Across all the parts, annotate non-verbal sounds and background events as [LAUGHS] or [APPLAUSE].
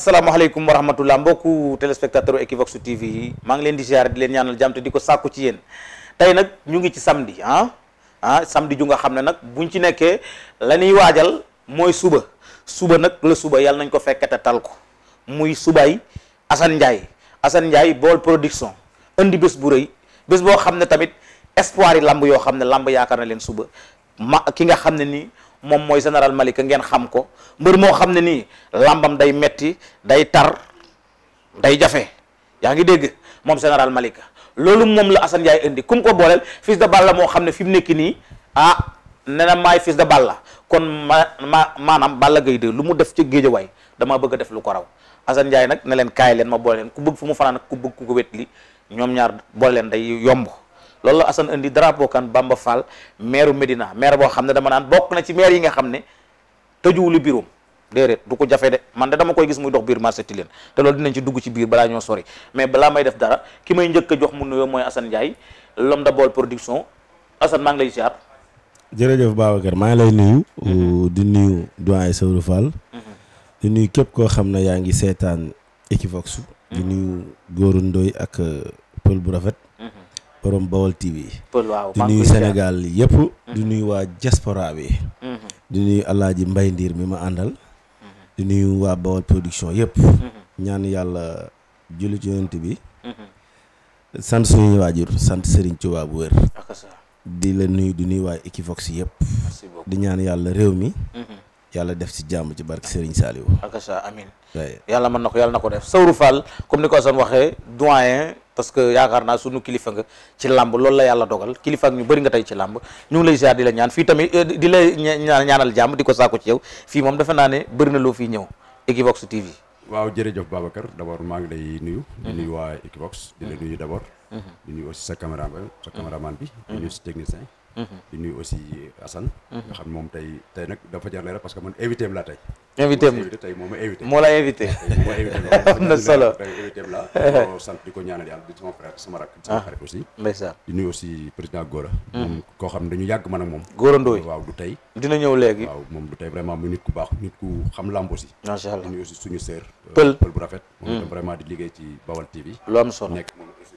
asalaamaaleykum wa rahmatullah mbokku téléspectateur u Equivox TV yi maa ngi leen di ziar di leen ñaanal jàmm te di ko sàkku ci yéen tey nag ñu ngi ci samedi ah ah samedi ju nga xam ne nag bu buñ ci nekkee la waajal mooy suba suba nag la suba yàlla nañ ko fekkete tal ko muy subay Assane Ndiaye Assane Ndiaye bool production indi bés bu rëy bés boo xam ne tamit espoir yi lamb yoo xam ne làmb yaakaar na leen suba ma ki nga xam ne nii moom mooy général Malika ngeen xam ko mbër moo xam ne nii làmbam day metti day tar day jafe yaa ngi dégg moom général Malika loolu moom la Assane Ndiaye indi kum ko booleel fils de Balla moo xam ne fi mu nekk nii ah nee na maay fils de ball la kon ma ma maanaam Balla gay de lu mu def ci géejawaay damaa bëgg def lu ko raw Assane Ndiaye nag ne leen kaay leen ma boole leen ku bëgg fu mu fanaan ku bëgg ku ko wet li ñoom ñaar boole leen day yomb loolu la Assane indi drapeau kan Bamba Fall maire Medina maire boo xam ne dama naan bokk na ci maire yi nga xam ne tëjuwul biirum déedéet du ko jafe de man de dama koy gis muy dox biir marché Tilène te loolu dinañ ci dugg ci biir balaa ñoo sori mais balaa may def dara ki may njëkk a jox mu nuyoo mooy Assane Ndiaye l'homme de Baol production Assane maa ngi lay ziar. jërëjëf Babacar maa ngi lay nuyu. Mm-hmm. di nuyu doyen Sow Fall. Mm-hmm. di nuyu képp koo xam ne yaa ngi seetaan Equivox. Mm-hmm. di nuyu Góoru Ndoy ak pël bu rafet. borom Bawol TV. waaw di nuyu Sénégal yëpp. Mhm. di nuyu waa diaspora bi. Mhm. di nuyu Alaaji Mbay Ndiir mi ma àndal. Mhm. di nuyu waa Bawol production yëpp. ñaan yàlla julli ci yonent bi. sant suñuy waajur sant Serigne Touba bu wér. di la nuyu di nuyu waa Equivox yëpp. di ñaan yàlla réew mi. yàlla def ci jàmm ci barke Serigne Saliou. akasa amin yàlla mën na ko yàlla na ko def Saourou Fall comme ni ko Assane waxee doyen parce que yaakaar naa sunu kilifa nga ci làmb loolu la yàlla dogal kilifa ak ñu bari nga tey ci làmb ñu ngi lay ziar di la ñaan fii tamit eh, di la ñaanal jàmm di ko saako ci yow fii moom defe naa ne bëri na loo fiy ñëw Equivox TV. waaw jërëjëf Babacar d'abord maa ngi lay nuyu. Mhm. di nuyu Equivox. di la nuyu d'abord. Mhm. di nuyu aussi sa sa caméraman Mm-hmm. di nuyu aussi Assane. Mm-hmm. nga xam moom tey tey nag dafa jar leeral parce que man invité laa tey. invité am tey moo ma invité moo la invité. [LAUGHS] am na solo tey invité am laa. moo sant di ko ñaanal di sama frère sama rakk. sama ah, xarit aussi. ndeysaan di nuyu aussi président Gora. Mm-hmm. moom koo xam ne dañu yàgg ma ak moom. Gora Ndoye waaw du tey. dina ñëw léegi waaw moom du tey vraiment mu nit ku baax nit ku xam làmb aussi. aussi suñu sœur. Euh, pël pël bu rafet. moom itam mm. vraiment di liggéey ci Bawal TV. lu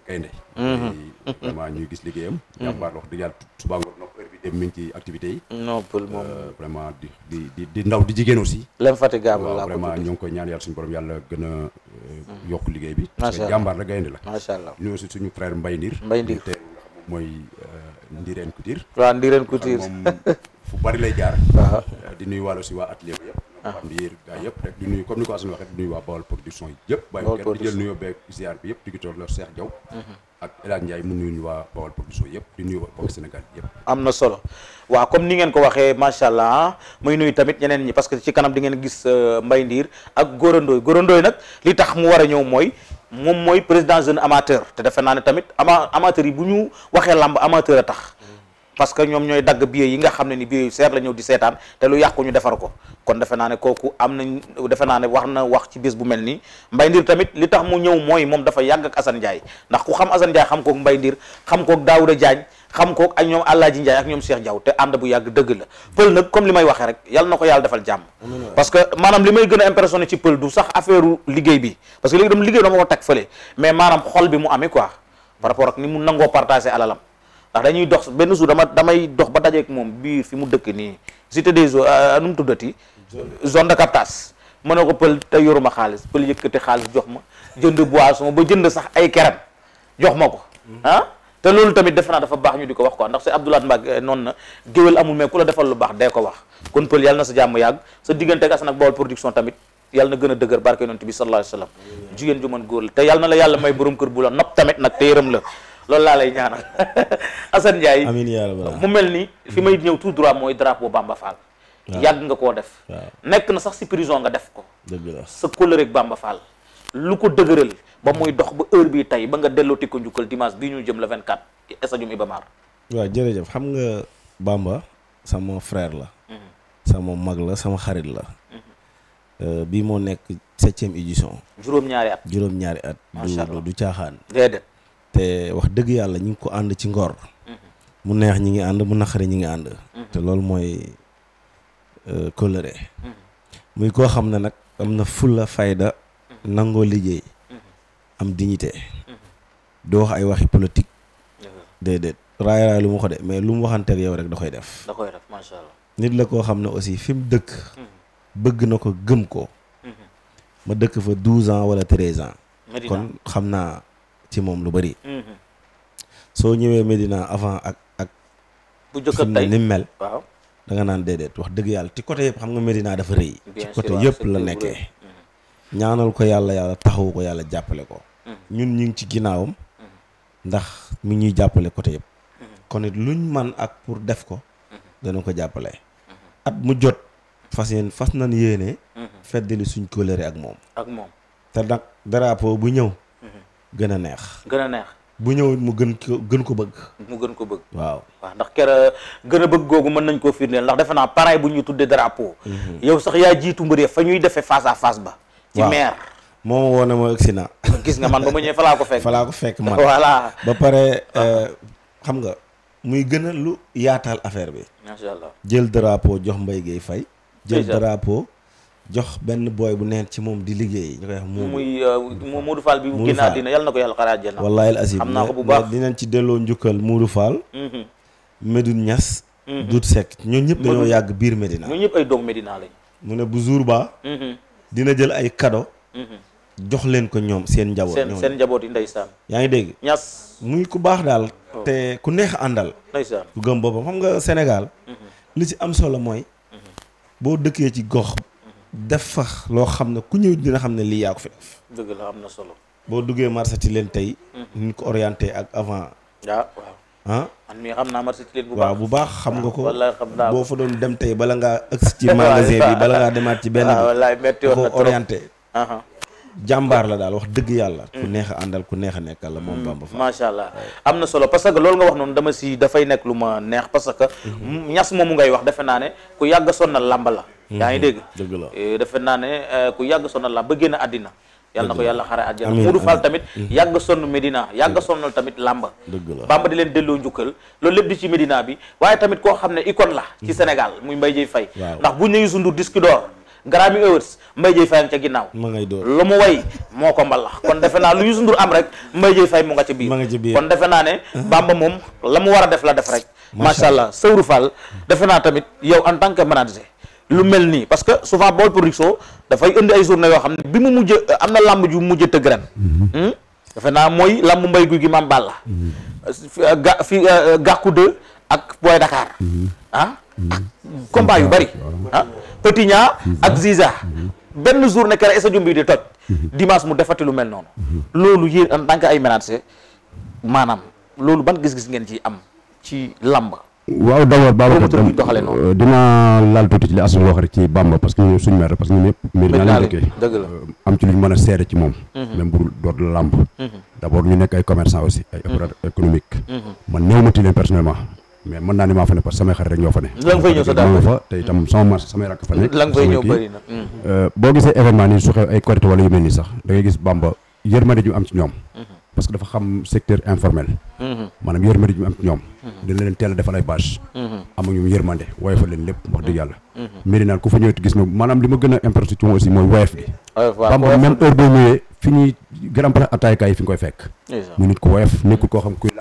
gaynde mhm. vraiment ñuy gis liggéeyam mhm. jàmbaar wax di yàlla suba ngoon nopp heure bi dem mi ngi ci activité yi noppal moom euh, vraiment di di di di ndaw di jigéen aussi l'infatigable la vraiment ñoo ngi koy ñaan yàlla borom yàlla gën a euh, mhm. yokk liggéey bi parce que jàmbaar la gaynde la macha allah ñu aussi suñu frère mbay Ndir Mbaye Ndir mooy euh, Ndirène Couture waaw Ndirène Couture moom fu bari lay jaar [LAUGHS] di nuyu wàllu si waa atelier yëpp Ah. Bamir gaa yëpp rek di nuyu comme ni ko Assane waxee di nuyu waa Bawol production yi bi yëpp di gitoor la Cheikh Diaw mhm. ak El Hadj Ndiaye mu nuyu ñu am na solo waaw comme ni ngeen ko waxee macha allah ah, muy nuyu tamit ñeneen ñi parce que ci kanam di ngeen gis euh, Mbaye Ndiir ak Gorondooy Gorondooy nag li tax mu war a ñëw mooy moom mooy président jeune amateur te defe naa tamit ama amateur yi bu ñu waxee làmb amateur a parce que ñoom ñooy dagg billet yi nga xam ne ni billet yu seer la ñëw di seetaan te lu yàqu ñu defar ko kon defe naa kooku am nañ defe naa ne wax na wax ci bis bu mel nii Mbaye Ndir tamit li tax mu ñëw mooy moom dafa yàgg ak Assane Ndiaye ndax ku xam Assane Ndiaye xam kook Mbaye Ndir xam kook a jaañ xam kook ak ñoom Alaaji Ndiaye ak ñoom Cheikh Diaw te ànd bu yàgg dëgg la pël nag comme li may waxee rek yàlla na ko yàlla defal jàmm parce que maanaam li may gën a impressionné ci pël du mais maanaam xol bi mu amee quoi par rapport nangoo partagé alalam ndax dañuy dox benn jour dama damay dox ba dajeeg moom biir fi mu dëkk nii cité des eaux nu mu tuddati zone de captage mën na ko pël te yoruma xaalis pël yëkkati xaalis jox ma jënd boisson ba jënd sax ay kerem jox ma ko ah te loolu tamit defe naa dafa baax ñu di ko wax ko ndax Sëñ Abdoulaye Mbacke euh, noon na géwél amul mais ku la defal lu baax dee ko wax kon pël yàlla na sa jàmm yàgg sa diggante ak Assane ak Baol production tamit yàlla na gën a dëgër barke yonent bi sallallahu alayhi wa sallam jigéen ju te yàlla na la yàlla may borom kër bu la nopp tamit nag te yërëm la loolu laa lay ñaanal [LAUGHS] Assane Ndiaye yi yaa rabbal mu mel ni fi may ñëw tout droit mooy drapeau Bamba Fall yàgg nga koo def nekk na sax si prison nga def ko dëgg la sa kóllëre ak Bamba Fall lu ko dëgëral ba muy dox ba heure bi tey ba nga dellooti ko njukkal dimanche bii ñu jëm le 24 stadium Iba Mar waaw jërëjëf xam nga Bamba sama frère la mhm. sama mag la sama xarit la mhm. euh, bii moo nekk septième édition juróom-ñaari at juróom-ñaari at du du caaxaan te wax dëgg yàlla ñu ngi ko ànd ci ngor. Mm-hmm. mu neex ñi ngi ànd mu naqari ñi ngi ànd. Mm-hmm. te loolu mooy coloré. Euh, mm-hmm. muy koo xam ne nag am na fulla fayda. nangoo liggéey. am dignité. doo wax ay waxi politique. déedéet raay raay lu mu ko de mais lu mu waxanteeg yow rek da koy def. da nit la koo xam ne aussi fi mu dëkk. bëgg na ko gëm ko. ma dëkk fa douze ans wala treize ans. kon xam naa. ci moom lu bëri. Mhm. soo ñëwee Medina avant ak ak. bu njëkk a tey ni mel. waaw da nga naan déedéet wax dëgg yàlla ci côté yëpp xam nga Medina dafa rëy. ci côté yëpp la nekkee. Mhm. ñaanal ko yàlla yàlla taxawu ko yàlla jàppale ko. Mhm. ñun ñu ci ginnaawam. ndax mi ñuy jàppale côté yëpp. kon it luñ man ak pour def ko. dana ko jàppale. at mu jot fas yéen fas nañ yéene. feddali suñ kóllëre ak moom. ak moom te nag drapeau bu ñëw. gën a neex. gën a neex. bu ñëw mu gën ko gën ko bëgg. mu gën ko bëgg. waaw waaw ndax kera gën a bëgg googu mën nañ koo firndeel ndax defe naa parrain bu ñuy tuddee drapeau. Mhm. yow sax yaa jiitu mbër fa ñuy defee faasa à ba. ci maire. moom woo na ma egsi na gis nga man ba ma ñëwee fa laa ko fekk. [LAUGHS] fa laa ko fekk man voilà. ba pare euh, xam nga muy gën a lu yaatal affaire bi. macha jël drapeau jox Mbaye Guèye Faye. jël drapeau. jox benn booy bu neen ci moom di liggéey ñu koy wax euh, mu muy bi mu a dina yàlla na ko yàlla xaraat jël wallahi al azim ko bu baax dinañ ci delloo njukkal Modou Fall Médoune mhm. Niass mhm. Doudou Seck ñëpp dañoo yàgg biir Médina ñoom ñëpp ay doom Médina lañ mu ne bu jour ba mhm. dina jël ay kado jox leen ko ñoom seen njaboot njaboot yi ndeysaan yaa ngi dégg Niass muy ku baax daal oh. te ku neex àndal ndeysaan ku gëm boppam xam nga Sénégal li ci am solo mooy boo dëkkee ci gox def fa loo xam ne ku ñëw dina xam ne lii yaa ko fi dëgg la am na solo. boo duggee marché leen tey. Hmm. ñu ko orienté ak avant. waaw ah, waaw. ah man mii xam bu baax waaw baax xam nga ah, ko boo fa doon dem tey bala ngaa ëgsi ci [LAUGHS] magasin bi [LAUGHS] bala ngaa demaat ci benn bi ko ah, orienté jàmbaar la daal wax dëgg yàlla ku hmm. neex a àndal ku neex a nekkal la moom hmm. Bamba Fall macha allah am na solo parce que loolu nga wax noonu dama si dafay nekk lu ma neex parce que ñas mu ngay wax defe naa ne ku yàgg sonnal làmb la Mhm. yaa ngi dégg dëgg la eh, defe naa ne eh, ku yàgg sonal la ba génn àddina yàlla na ko yàlla xare àjjana Moodu Fall tamit mhm. yàgg sonn Medina yàgg sonnal tamit làmba bamba di leen delloo njukkal loolu lépp di ci Medina bi waaye tamit koo xam ne icône la ci mhm. Sénégal muy mbay Dieye fay ndax bu ne Youssou Ndour disque d'or Grammy Awards Mbaye Dieye Faye nga ca ginnaaw ma ngay door lu mu way moo ko mbalax kon defe naa lu Youssou Ndour am rek Mbaye Dieye Faye mu nga ca biir kon defe naa ne uh-huh. bamba moom la war a def la def rek macha allah Sëwru Fall naa tamit yow en tant que manager lu mel nii parce que souvent Baol Production dafay indi ay journée yoo xam ne bi mu mujj am na làmb ju mujj tëgg ren mhm. hmm? defe naa mooy làmb mbay guy gi maam Balla mhm. euh, ga fi euh, euh, gàkku deux ak Boy Dakar mhm. ah yu bari ah ak Ziza benn journée kere stadium bi di toj dimanche mu defate lu mel noonu loolu yéen en tant que ay ménager maanaam loolu ban gis-gis ngeen ci am ci làmb waaw d' abord Babacar dinaa laal tuuti ci li Assane wax rek ci Bamba parce que ñun suñu parce que ñun ñëpp maire naa leen euh, ci lu ñu mën a seere ci moom mhm. même bu doot la làmb mhm. d' abord ñu nekk ay commerçant aussi ay opérateur mhm. économique man néew ma ti leen personnellement mais mën naa ni maa fa ne parce que samay xarit rek ñoo fa ne la nga sama marché fa nekk la nga euh, boo gisee événement nii su xew ay korité wala yu mel nii sax da ngay gis Bamba yërmande ju am ci ñoom parce que dafa xam secteur informel maanaam yërmande bi am ci ñoom dina leen teel a defal ay yërmande waaye fa leen lépp wax dëgg yàlla mari ku fa ñëwee gis na maanaam li ma gën a impression ci moom mooy woyof gi bamba même heure boo ñëwee fi ñuy grand place attaay kaay fi nga koy fekk mu nit ku woyof nekkul koo xam kuy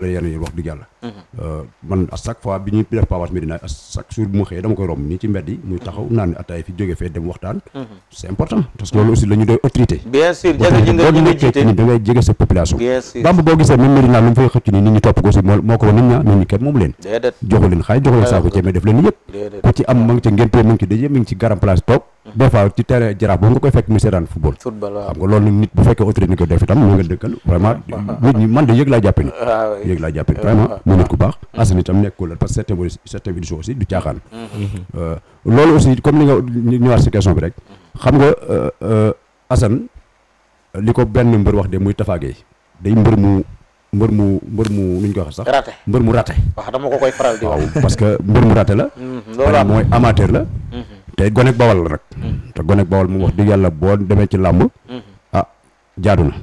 wala yenn mhm. euh, mhm. autorité boo nekkee ni da ngay jege sa population bamba boo gisee même Médina lu mu fay xëcc ni nit ñi topp ko aussi moo ko nit ña nit ñi kenn moom leen joxu leen xaay joxu leen saako ceeb def leen yëpp ku ci am ma ngi ca ngénte ci dëj ma ngi ci garam place toog des fois ci terrain jaraaf boobu nga koy fekk mu seetaan football. xam nga loolu nit bu fekkee autorité ni ko def itam mu nga dëkkal vraiment nit ñi man de yëg laa jàppe ni ah, yëg ah, mu ah. nit ku baax mm-hmm. asan itam nekk ko la parce que mm-hmm. euh, comme ni nga ñëwaat si question nga euh, euh, asan li ko benn mbër wax de muy tafaagee day mbër mu mbër mu mbër mu nu ñu sax. raté mbër mu raté. wax dama ko koy parce que mbër mu raté la. Mm-hmm, loolu mooy amateur la. te gonek bawal la rek mm. te gonek bawal mu wax dëgg yàlla boo demee ci làmb mm-hmm. ah jaadu na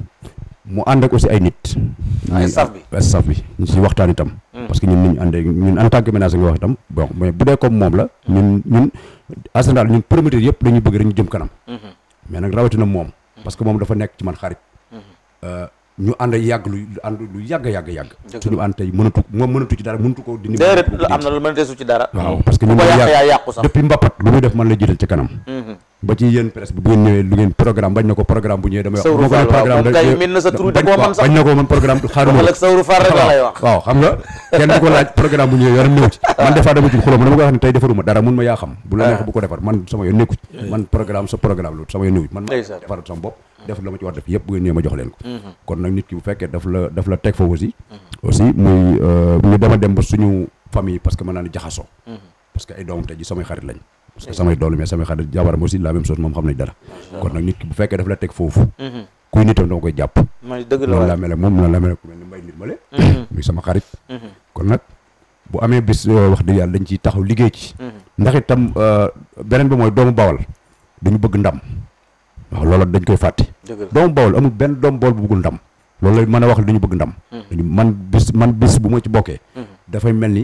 mu ànd ak aussi ay nit ay staff bi ñu si waxtaan itam mm. parce que ñun ni àndee ñun en tant que ménage nga wax itam bon mais bu dee comme moom la mm. ñun ñun en général ñun promoteur yëpp dañu bëgg rek ñu jëm kanam mm-hmm. mais nag rawatina moom parce que moom dafa nekk ci man xarit mm-hmm. euh, ñu ànd yàgg lu ànd lu yàgg yàgg yàgg suñu ànd tey mënatu moom mënatu ci dara mënatu ko dindi déedéet am na lu mënateesu ci dara waaw man la jiital ci kanam mhm. ba ci yéen presse bu ngeen lu ngeen programme bañ na ko programme bu ñëwee damay wax ma [LAUGHS] ci man des dama ci xuloo ma dama ko wax ne tey defaruma dara mun ma yaa xam bu la ah. neex bu ko defar man sama yoon nekku eh. man programme sa programme loolu sama yoon néew man ma defar sama bopp def la ma ci war def yëpp bu ngeen ma jox leen ko mm-hmm. kon nag nit ki bu fekkee daf la daf la teg fa si mm-hmm. aussi muy ñu euh, dem ba suñu famille parce que mën naa ne jaxasoo mm-hmm. parce que ay doomam tey ji samay xarit lañ parce que samay doolu mais aussi la même chose moom xam nañ dara kon nag nit ki bu teg foofu kuy nitam dama mel ak moom noonu la mel ak ku sama xarit kon nag bu amee bis euh, wax dëgg yàlla dañ ciy taxaw liggéey ci ndax itam euh, beneen bi mooy doomu bawal dañu bëgg ndam waaw loola dañ koy fàtte doomu bawol amul benn doomu bawol bu bëggul ndam loolu lay mën a wax dañu bëgg ndam hmm. man bis man bis bu ma ci bokkee hmm. dafay mel ni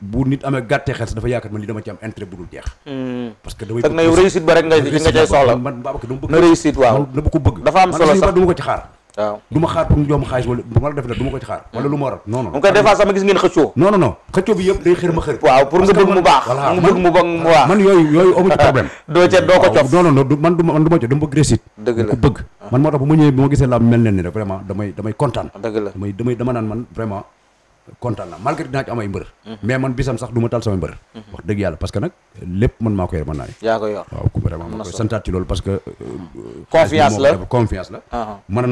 bu nit amee gàttee xel sax dafa yaakaar man li dama ci am intérêt bu dul jeex hmm. parce que damay fekk na yow réussite ba rek nga nga cay soxla man Babacar bëgg na réussite waaw dama ko bëgg dafa am solo sax dama ko ci xaar waaw du ma xaar pour mu a xaalis wala ma la def la ko xaar wala lu ma waral non non koy defaa sama gis ngeen xëccoo non non non xëccoo bi yëpp day xër ma xër waaw pour nga bëgg mu baax man yooyu yooyu amu ci problème [LAUGHS] doo ca doo ko cof non man du man du ma co bëgg réussite dëgg la man moo tax bu ma ñëwee bu ma gisee laa mel ne ni rek vraiment damay damay kontaan dëgg la damay damay dama naan man vraiment kontaan na malgré dinaa ci am ay mbër mais man bisam sax du ma sama mbër wax dëgg yàlla parce que nag lépp man maa ko yor naa ne yaa ko yor waaw ma koy santaat ci loolu parce que euh, confiance la ah, ah. a ma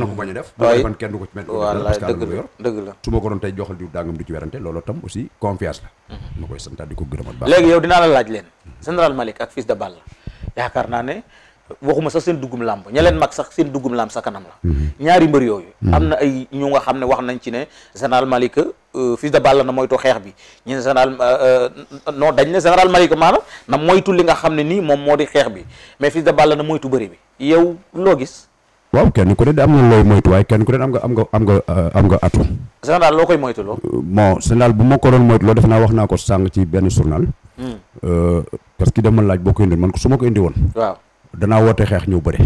koy santaat di ko gërëmal baax léegi yow dinaa la laaj leen général Malick ak fils de Balla yaakaar naa ne waxuma sax seen duggum làmb ña leen mag sax seen duggum làmb sa kanam la ñaari mbër yooyu mhm. am na ay ñu nga xam ne wax nañ ci ne général Malick euh, fils de Balla na moytu xeex bi ñu ne général euh, euh, non dañ ne général Malick maanaam na moytu li nga xam ne nii moom moo di xeex bi mais fils de Balla na moytu bëri bi yow loo gis waaw kenn ku ne am na looy moytu waaye kenn ku ne am nga am nga am nga am nga atu général loo koy moytu loo bon général bu ma ko doon moytu loo def naa wax naa ko sàng ci benn journal hmm. parce que dama laaj boo ko indi man su ma ko indi woon danaa woote xeex ñëw bëre.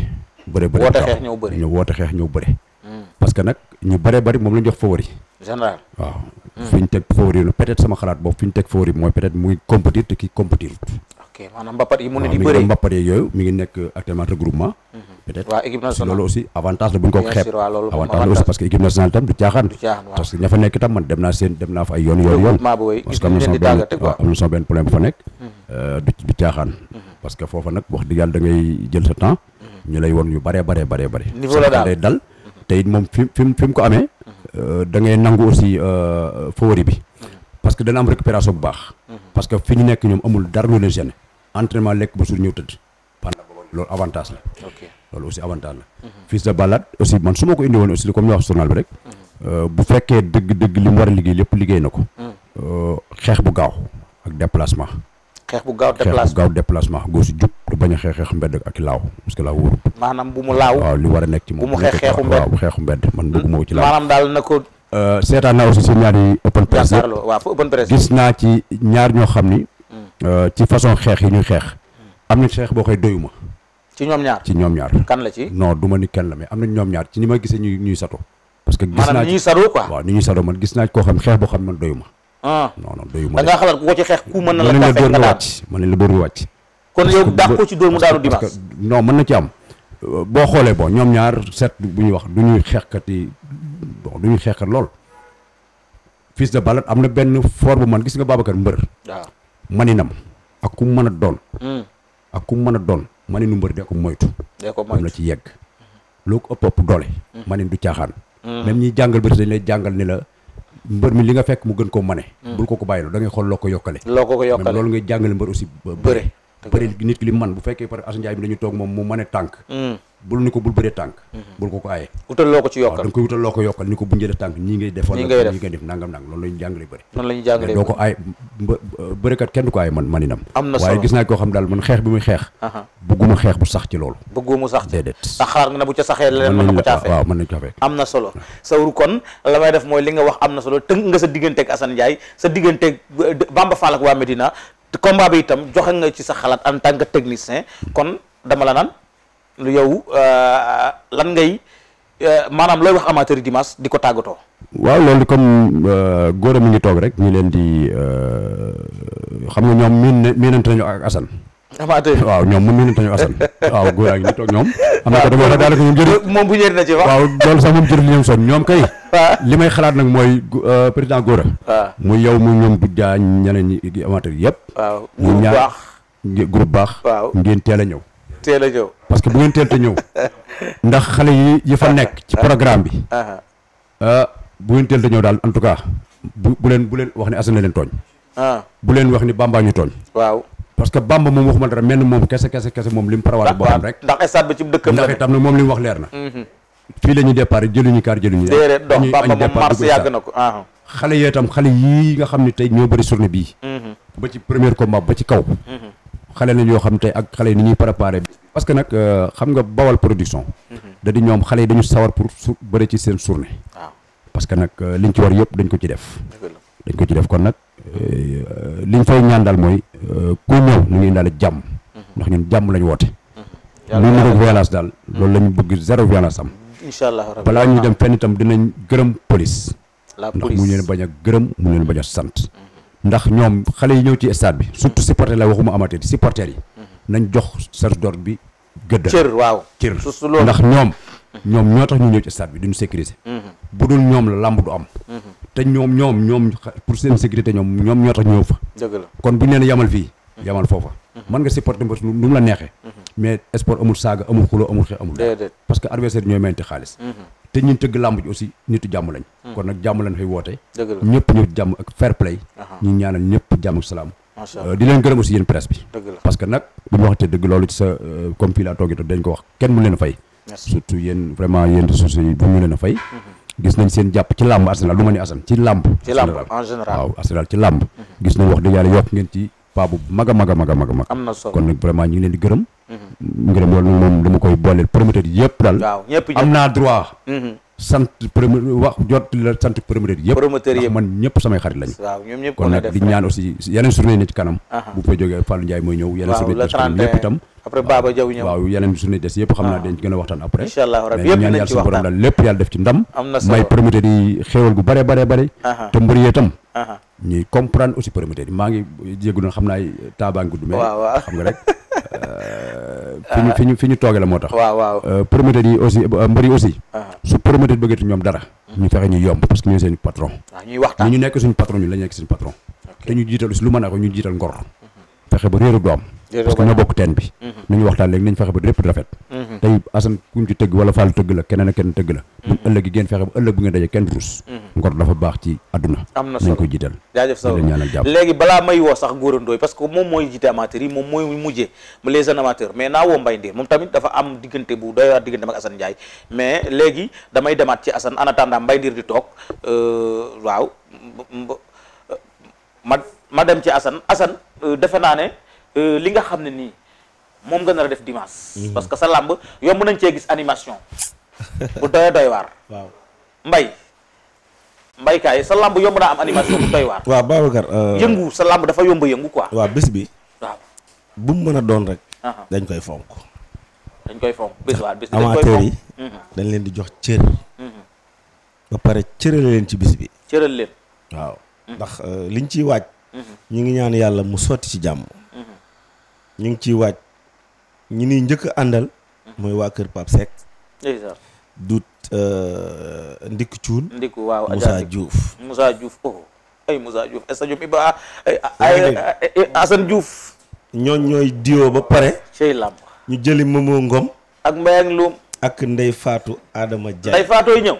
bëre bëre woote xeex ñëw bëre ñu woote xeex ñëw bëre. Hmm. parce que nag ñu bëree bari moom la ñu jox favori. général waaw. Hmm. fi ñu teg favori peut être sama xalaat boobu fi ñu teg favori mooy peut mu muy compétir te ki compétirut. ok maanaam mbapat yi mun na di bëree mbapat yeeg yooyu mi ngi nekk actuellement regroupement. Mhm. peut-être waa loolu aussi avantage la bu ñu ko avantage la aussi parce que équipe nationale tam du caaxaan. parce que ña nag wax dëgg yàlla da ngay jël sa temps. Mhm. ñu lay won yu bare bare bare bare. niveau daal mhm. te moom fi fi fi ko amee. Euh, da nangu aussi euh, favori bi. parce que dana am récupération bu baax. parce que fi ñu nekk ñoom amul dara lu leen gêné entraînement lekk ba suur ñëw tëdd. loolu avantage la. loolu aussi avantage la. Mhm. fils de Balla aussi man su ma ko indi woon aussi comme ñu wax journal bi rek. Mhm. Euh, bu fekkee dëgg dëgg li mu war a liggéey lépp liggéey na ko. Mhm. Euh, xeex bu gaaw ak déplacement. xeex bu gaaw déplacement xeex bu gaaw déplacement góosu jub du bañ a xeex xeex mbedd ak laaw parce que laaw wóorul. maanaam bu mu laaw waaw li war a nekk ci moom. bu mu xeex xeexu mbedd waaw xeexu mbedd man hmm? bëgguma ko ci laaw. maanaam daal na ko. Euh, seetaan naa aussi si ñaari naa ci ñaar ñoo xam ni. Euh, ci façon xeex yi ñuy xeex hmm. am na xeex boo koy doyuma ci ñoom ñaar ci ñoom ñaar kan la ci non du ma ni kenn la mais am na ñoom ñaar ci ni ma gisee ñuy ñuy sato parce que gis naa maanaam ñuy man gis naa koo xam xeex boo xam man doyuma ah non na la dóor nga wàcc mën na la dóor nga wàcc kon yow dàq ko ci dóor mu daanu dimanche na ci am euh, boo xoolee bon ñoom ñaar set bu ñuy wax du ñuy xeexkat yi bon du ñuy xeexkat lool fils de Balla am na benn bu man gis nga Babacar mbër waaw maninam ak ku mën a doon hmm. ak ku mën a doon maninu mbër dee ko moytu am la ci yegg hmm. loo ko ëpp ëpp doole hmm. manin du caaxaan même ñi jàngal bëri dañ lay jàngal ni la mbër mi li nga fekk mu gën koo mane bul ko ko bàyyi da ngay xool loo ko yokkale loo ko ko yokkale loolu ngay jàngale mbër aussi bëre bëri nit ki li man bu fekkee par Assane Ndiaye bi dañu toog moom mu mën a tànk hmm. bul ni ko bul bëree tànk hmm. bul ko ko aye wutal loo ko ci yokkal da nga koy wutal loo ko yokkal ni ko bu njëlee tànk ñii ngay defal ñii ngay def nangam nang loolu la ñu jàngale bëri noonu la ñu jàngale doo ko aye bërikat kenn du ko aye man man inam am na solo waaye gis naa koo xam daal man xeex bi muy xeex bëgguma xeex bu sax ci loolu bëgguma mu sax ci déedéet ndax xaar nga ne bu ca saxee leneen mën na ko caa fekk waaw mën nañ ko fekk am na solo sawru kon la may def mooy li nga wax am na solo tënk nga sa digganteeg Assane Ndiaye sa digganteeg euh, Bamba Fall ak waa Medina te combat bi itam joxa nga ci sax xalaat en tant que technicien kon dama la naan lu yow euh, lan ngay euh, maanaam looy wax amateur dimanche di ko tàggatoo. waaw loolu comme euh, góor mi ngi toog rek ñu leen di xam nga ñoom miin miinante nañu ak Assane. amateur waaw ñoom moom miinante nañu Assane waaw góor a ngi toog ñoom. am na ko dama wax daanaka ñoom jëriñ. moom bu ñëwee ci waaw. waaw loolu sax moom jëriñ ñoom son ñoom kay. li may xalaat nag mooy euh, président Gora. waaw muy yow mu ñoom du jaa ñeneen ñi amateur yëpp. waaw groupe baax groupe baax. waaw ngeen teel a ñëw. teel a ñëw parce que bu ngeen teel ñëw. [LAUGHS] ndax xale yi yi fa nekk. ci ah. programme bi. Ah. Ah. Euh, bu ngeen teel te ñëw daal en tout cas bu bu leen bu leen wax ne Assane leen tooñ. bu leen wax ni Bamba ñu tooñ. waaw. parce que Bamba moom waxuma dara mel moom kese kese kese moom li mu parawaale boo rek. ndax stade bi ci dëkkam la ndax itam na moom li wax leer na. Mhm. fii la ñu départ jëluñu kaar jëluñu. déedéet dox papa moom mars yàgg na ko ah. xale yooyu tam xale yii nga xam ne tey ñoo bëri journée bii. Mhm. ba ci première combat ba ci kaw. Mhm. xale nañ yoo xam tey ak xale yi ni ñuy bi parce que nag euh, xam nga bawal production. Mhm. da di ñoom xale yi dañu sawar pour su bëri ci seen journée. waaw parce que nag euh, liñ ci war yëpp dañ ko ci def. dañ ko ci def kon nag euh, liñ fay ñaan daal mooy ku ñëw ñu ngi indaale jàmm. ndax ñun jàmm lañu woote. yàlla na yàlla daal loolu lañ bëgg zéro violence am. incha allah balaa ñuy dem fenn itam dinañ gërëm police. la police ndax mu leen bañ a gërëm mu leen bañ a sant. ndax ñoom xale yi ñëw ci stade bi surtout supporter la waxuma amateur supporter yi. nañ jox service d'ordre bi gëdd. cër waaw cër ndax ñoom. ñoom ñoo tax ñu ñëw ci stade bi duñu sécuriser. Mhm. bu dul ñoom la làmb du am. Mhm. te ñoom ñoom ñoom pour seen sécurité ñoom ñoom ñoo tax ñëw fa. kon bu ñu yamal fii. yamal foofa. mën nga supporter mbër nu mu la neexee mhm. mais sport amul saaga amul xuloo amul xeex amul parce que adversaire ñooy mayante xaalis mhm. te ñun tëgg làmb ji aussi nitu jàmm mhm. ak fair play ñu ñaanal ñëpp jàmm ak salaam euh, di leen gërëm aussi yéen presse bi parce que nag bu ñu waxatee dëgg loolu ci sa euh, comme fii laa toogee dañ ko wax kenn mu leen fay surtout yéen vraiment yéen ressources yi bu ñu leen a gis nañ seen jàpp ci làmb Arsenal lu ma ne Assane ci làmb pas bu mag a mag a mag a am na solo kon nag vraiment ñu ngi leen di gërëm. Mhm. ngërëm loolu moom dama koy booleel promoteur yëpp daal. waaw ñëpp am naa droit. Mhm. sant premier wax jot la sant promoteur man ñëpp samay xarit lañu waaw ñoom ñëpp kon nag di ñaan aussi yeneen journée ni ci kanam bu fa jógee Fallou Ndiaye mooy ñëw yeneen journée des kanam lépp itam yeneen journée des yëpp xam ah. lépp yàlla def ci ndam may promoteur yi xéewal gu bare bare bare te mbër yi itam ñuy comprendre aussi promoteur yi maa ngi jéggu doon xam naa taabaa gudd mais xam nga rek [LAUGHS] fi ñu fi ñu fi ñu tooge la moo tax waaw euh, yi aussi euh, mbër aussi ah. su promoteur bëggati ñoom dara hmm. ñu fexe ñu yomb parce que ñooy seen patron ah, ñuy ñu nekk suñu patron te ñu jiital aussi lu mën a ko ñu jiital ngor hmm. fexe ba réeru doom parce que ñoo bokk teen bi hmm. nañu waxtaan léegi nañ fexe ba lépp rafet tey Assane kuñ ci tëgg wala Fall tëgg la keneen ak kenn tëgg la buñ ëllëg yi ngeen fexe ba ëllëg bu ngeen daje kenn ruus ngor dafa baax ci àdduna am na solo nañ ko jiital jaajëf sa léegi balaa may woo sax góorandooy parce que moom mooy jiite amateurs yi moom mooy mujjee les jeunes amateurs mais naa woo Mbaye Ndir moom tamit am diggante bu doy waar diggante ak Assane mais léegi damay demaat ci Assane en attendant Mbaye Ndir di toog euh, waaw ma dem ci Assane Assane euh, defe naa ne euh, li nga xam ne nii moom nga nar a def dimanche. Mhm. parce que sa làmb yomb nañ cee gis animation [LAUGHS] bu doy waar. waaw mbaykaay sa lamb yomb naa am animation bu doy waar waaw Babacar euh, yëngu sa lamb dafa yomb yëngu ko waa bés bi waaw bu mu mën a doon rek ah, ah. dañ koy fonk dañ koy fonk bés yi mhm. dañ leen di jox cër mhm. ba pare cëral ci bis bi cëral leen waaw mhm. ndax euh, liñ ciy waaj ñu ngi ñaan yàlla mu sotti ci jàmm ñu ngi ciy waaj ñu ni njëkk àndal mooy waa kër Pape Seck duut Euh, Ndik Cuun Ndiku waaw Moussa Diouf Moussa Diouf oh ay Moussa Diouf Essa Diouf Iba eh, eh, eh, Assane Diouf ñooñ ñooy diwo ba pare cey làmb ñu jëli Momo Ngom ak Mbaye ak ak Ndey Faatu Adama Jaay Ndey Faatooy ñëw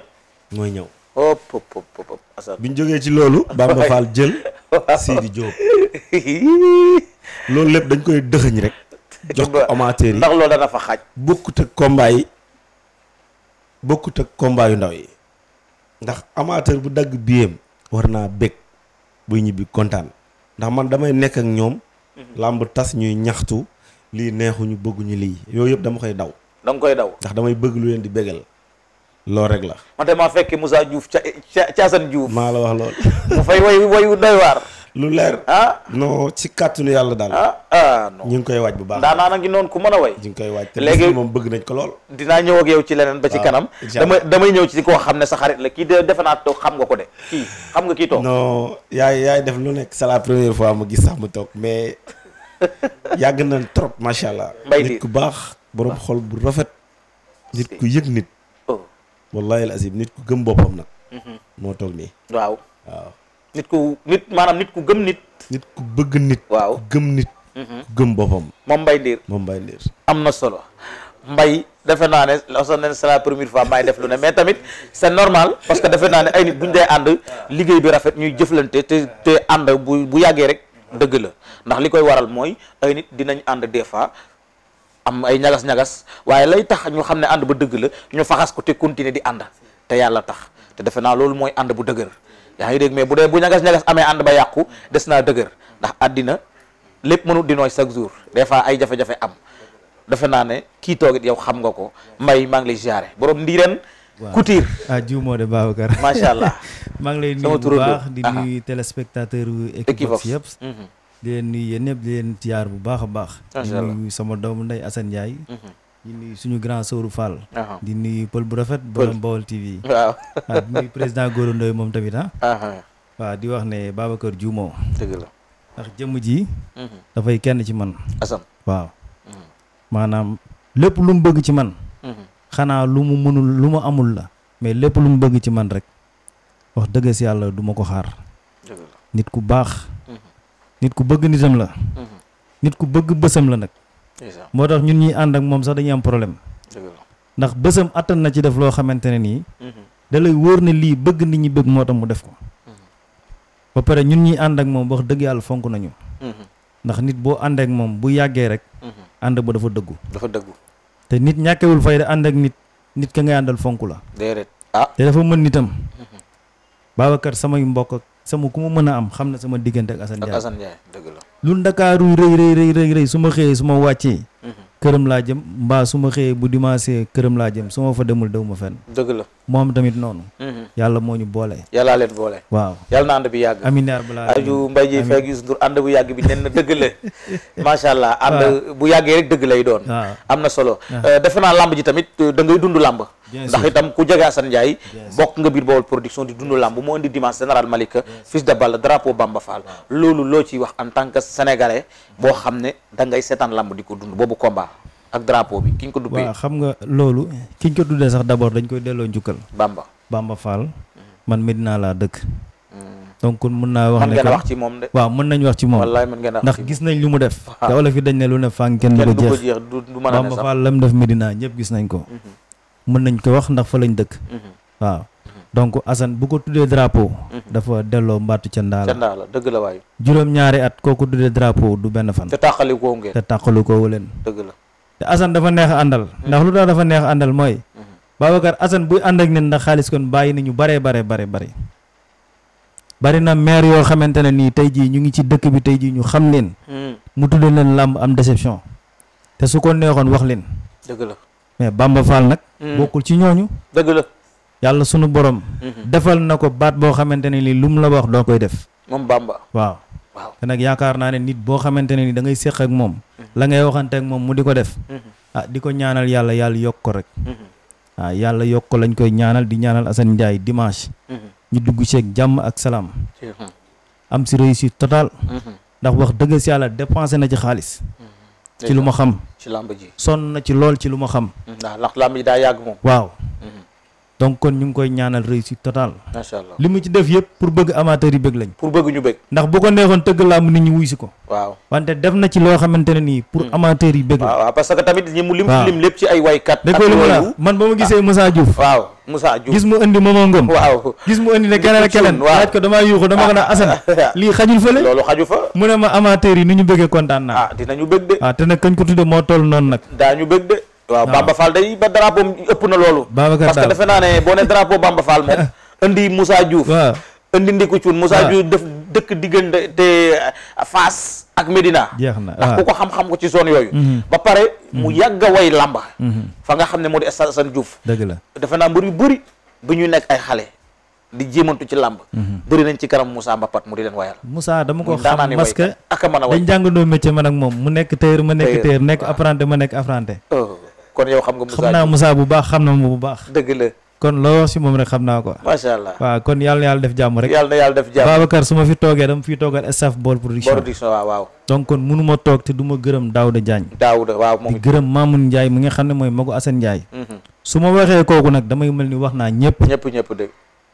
mooy ñëw hop hop hop hop ñu jógee ci loolu Bamba [LAUGHS] jël Sidi Diop loolu lépp dañ koy dëxëñ rek [LAUGHS] jox ko amateur ndax loolu dana fa xaaj bokkut ak combat bokkut ak combat yu ndaw yi ndax amateur bu dagg biem war naa bég buy ñibbi kontaan ndax man damay nekk ak ñoom. Mhm. làmb tas ñuy ñaxtu lii neexuñu bëgguñu lii yooyu yëpp dama koy daw. da koy daw ndax damay bëgg lu leen di bégal. loolu rek la. man de maa fekkee Moussa Diouf ca ca Assane Diouf. maa la wax lool. mu fay way wayu doy lu leer ah ci kàttanu yàlla daal ah ah ñu ngi koy waaj bu baax daanaa a ngi noonu ku mën a way ñu ngi koy waaj te léegi moom bëgg nañ ko lool dinaa ñëw ak yow ci leneen ba ci ah, kanam damay damay ñëw ci koo xam ne sa xarit la kii de defe naa toog xam nga ko de kii xam nga kii toog non yaay yaay def lu nekk c'est la première fois ma gis sax mu toog mais [LAUGHS] yàgg nañ trop macha allah mbay nit ku baax borom xol bu rafet nit ku yëg nit oh. wallahi al nit ku gëm boppam nag mhm. moo toog nit ku nit maanaam nit ku gëm nit. nit ku bëgg nit. waaw gëm nit. Mhm. gëm boppam. moom mbay Ndir moom Mbaye am na solo mbay defe naa ne loson nañ c'est la première fois may def lu ne mais tamit c'est normal parce que defe naa ne ay nit buñ dee ànd liggéey bi rafet ñuy jëflante te te ànd bu bu yàggee rek dëgg la ndax li koy waral mooy ay nit dinañ ànd des fois am ay ñagas-ñagas waaye lay tax ñu xam ne ànd ba dëgg la ñu faxas ko te continuer di ànd te yàlla tax te defe naa loolu mooy ànd bu dëgër. yaa yi dégg mais bu dee bu ñagas-ñagas amee ànd ba yàqu des naa dëgër ndax àddina lépp mënut di nooy chaque jour des fois ay jafe-jafe am defe naa ne kii toogit yow xam nga ko may maa ngi lay ziare borom ndiireen waaw Couture [LAUGHS] ah juumoo de Babacar [LAUGHS] macha allah [LAUGHS] maa ngi lay nuyu bu baax di nuyu téléspectateur Equivox yëpp mhm. di leen nuyu yéen yëpp di leen tiyaar bu baax a baax di nuyu sama doomu ndey Assane Ndiaye mhm. di nuyu suñu grand sooru Fall. Uh-huh. di nuyu pël bu rafet. borom Bawol TV. waaw ah [LAUGHS] di nuyu président Gora Ndoye moom tamit ah. Uh-huh. waaw di wax ne Babacar Juumoo. dëgg la ndax jëmm ji. Mm-hmm. dafay kenn ci man. asam waaw. Mm-hmm. maanaam lépp lu mu bëgg ci man. Mm-hmm. xanaa lu mu mënul lu mu amul la. mais lépp lu mu bëgg ci man rek wax dëgg si yàlla duma ko xaar. nit ku baax. nit ku bëgg nitam la. nit ku bëgg bësam la nag. moo tax ñun ñuy ànd ak moom sax dañuy am problème ndax bësam attan na ci def loo xamante ne nii mhm. da lay wóor ne lii bëgg nit ñi bëgg moo tax mu def ko mhm. ba pare ñun ñuy ànd ak moom wax dëgg yàlla fonk nañu mhm. ndax nit boo ànd ak moom bu yàggee rek ànd ba dafa dëggu dafa dëggu te nit ñàkkewul fayda ànd ak nit nit ka ngay àndal fonk la déedéet ah te dafa mën nitam Babacar samay mbokk sama ku ma mën a am xam na sama diggante ak Assane Ndiaye ak Assane Ndiaye dëgg la. lu ndakaaru rëy rëy rëy su ma xëyee su ma wàccee. Mhm. këram laa jëm mbaa su ma xëyee bu dimanche këram laa jëm su ma fa demul dew ma fenn. moom tamit noonu. Mhm. yàlla moo ñu boole. yàllaa leen boolee waaw yàlla na ànd bi yàgg. amiin yaa rabbal aalamiin aju mbay ji fekk Youssou Ndour ànd bu yàgg bi nen na dëgg la [LAUGHS] macha allah. ànd bu yàggee rek dëgg lay doon. am na solo. Ah. Euh, defe naa làmb ji tamit euh, da ngay dund làmb. ndax itam ku jege Assane Ndiaye bokk nga biir Baol production di dund làmb moo indi dimanche général Malika fils de Balla drapeau Bamba Fall loolu loo ciy wax en tant que sénégalais boo xam ne da ngay seetaan làmb di ko dund boobu combat. ak drapeau bi ki ko duppee. waaw xam nga loolu ki ñu ko tuddee sax d'abord dañ koy delloo njukkal. Bamba Bamba Fall. Mm-hmm. man Medina laa dëkk. Mm. donc kon mën naa wax ne mën wax ci moom de. waaw mën nañ wax ci moom wallaay mën ngeen a ndax gis nañ lu mu def. [LAUGHS] te olof yi dañ ne lu ne fànn kenn du jeex du du a ne sax Bamba Fall la mu def Medina ñëpp gis nañ ko. Mm-hmm. mën nañ ko wax ndax fa lañ dëkk. Mm-hmm. waaw donc Assane bu ko tuddee drapeau. dafa delloo mbattu ca Ndaala. ca dëgg la waay. juróom-ñaari at koo ko tuddee drapeau du benn fan. te tàqalikoo ngeen te dëgg la. te Assane dafa neex àndal hmm. ndax lu tax dafa neex àndal mooy hmm. Babacar Assane buy ànd ak neen ndax xaalis kon bàyyi nañu bare bare bare bare na maire yoo xamante ne nii tey jii ñu ngi ci dëkk bi tey jii ñu xam leen hmm. mu tudd leen làmb am déception te su ko neexoon wax leen dëgg la mais Bamba Fall nag bokkul ci ñooñu dëgg la yàlla sunu borom defal na ko baat boo xamante ne nii lu mu la wax doo koy def moom Bamba waaw waaw te nag yaakaar naa ne nit boo xamante ne ni da ngay séq ak moom mm-hmm. la ngay waxante ak moom mu di ko def mm-hmm. ah di ko ñaanal yàlla yàlla yokk ko rek waaw mm-hmm. ah, yàlla yokk lañ koy ñaanal di ñaanal Assane njaay dimanche ñu dugg ceeg jàmm ak salaam am si réussite totale ndax wax dëgg si yàlla dépensé na ci xaalis ci lu ma xam ci làmb ji sonn na ci lool ci lu ma xam waaw donc kon ñu ngi koy ñaanal réussite totale. macha allah li mu ci def yëpp pour bëgg amateurs yi bëgg lañ. pour bëgg ñu bëgg. ndax bu ko neexoon tëgg làmb nit ñi wuy ko. waaw wante def na ci loo xamante ne nii. pour hmm. amateurs yi bëgg. waaw que tamit ñi mu lim. lim lépp ci ay waykat. ak yooyu man ba ma gisee ah. Moussa Diouf. waaw Moussa Diouf gis mu indi Momo Ngom. waaw gis mu indi ne keneen keneen. waaw [LAUGHS] fa. mu ne yi ni ñu bëggee kontaan naa. ah dinañu bëgg de. waaw ah, te nag kañ ko tudde moo toll noonu nag. daañu bëgg de waaw Bamba Fall de ba drapeau ëpp na loolu parce que defe naa ne boo ne drapeau Bamba Fall moom [LAUGHS] indi Moussa Diouf indi Ndiku Cuun Moussa Diouf def dëkk diggante te euh, Fass ak Medina jeex na ndax ku ko xam-xam ko ci zone yooyu mhm. ba pare mu mhm. yàgg a way làmba mhm. fa nga xam ne moo di Stade Assane Diouf dëgg la defe naa mbër yu bëri bi ñuy nekk ay xale di jéemantu ci làmb bëri nañ ci kanam Moussa Mbapat mu di leen wayal Moussa dama ko xam parce que ak a mën a way dañ jàngandoo métier man moom mu nekk tailleur ma nekk tailleur nekk apprenti nekk apprenti kon yow xam nga Moussa xam naa Moussa bu baax xam na mu bu baax dëgg la kon loo wax si moom rek xam naa ko macha allah waaw kon yàlla na yàlla def jàmm rek yàlla na yàlla def jàmm Babacar su ma fi toogee ma toog te du ma gërëm Daouda Diagne Daouda waaw moom di gërëm Mamoun Ndiaye mi nga xam ne mooy magu Assane Ndiaye mhm. su ma waxee kooku nag damay mel ni wax naa ñëpp ñëpp ñëpp dëgg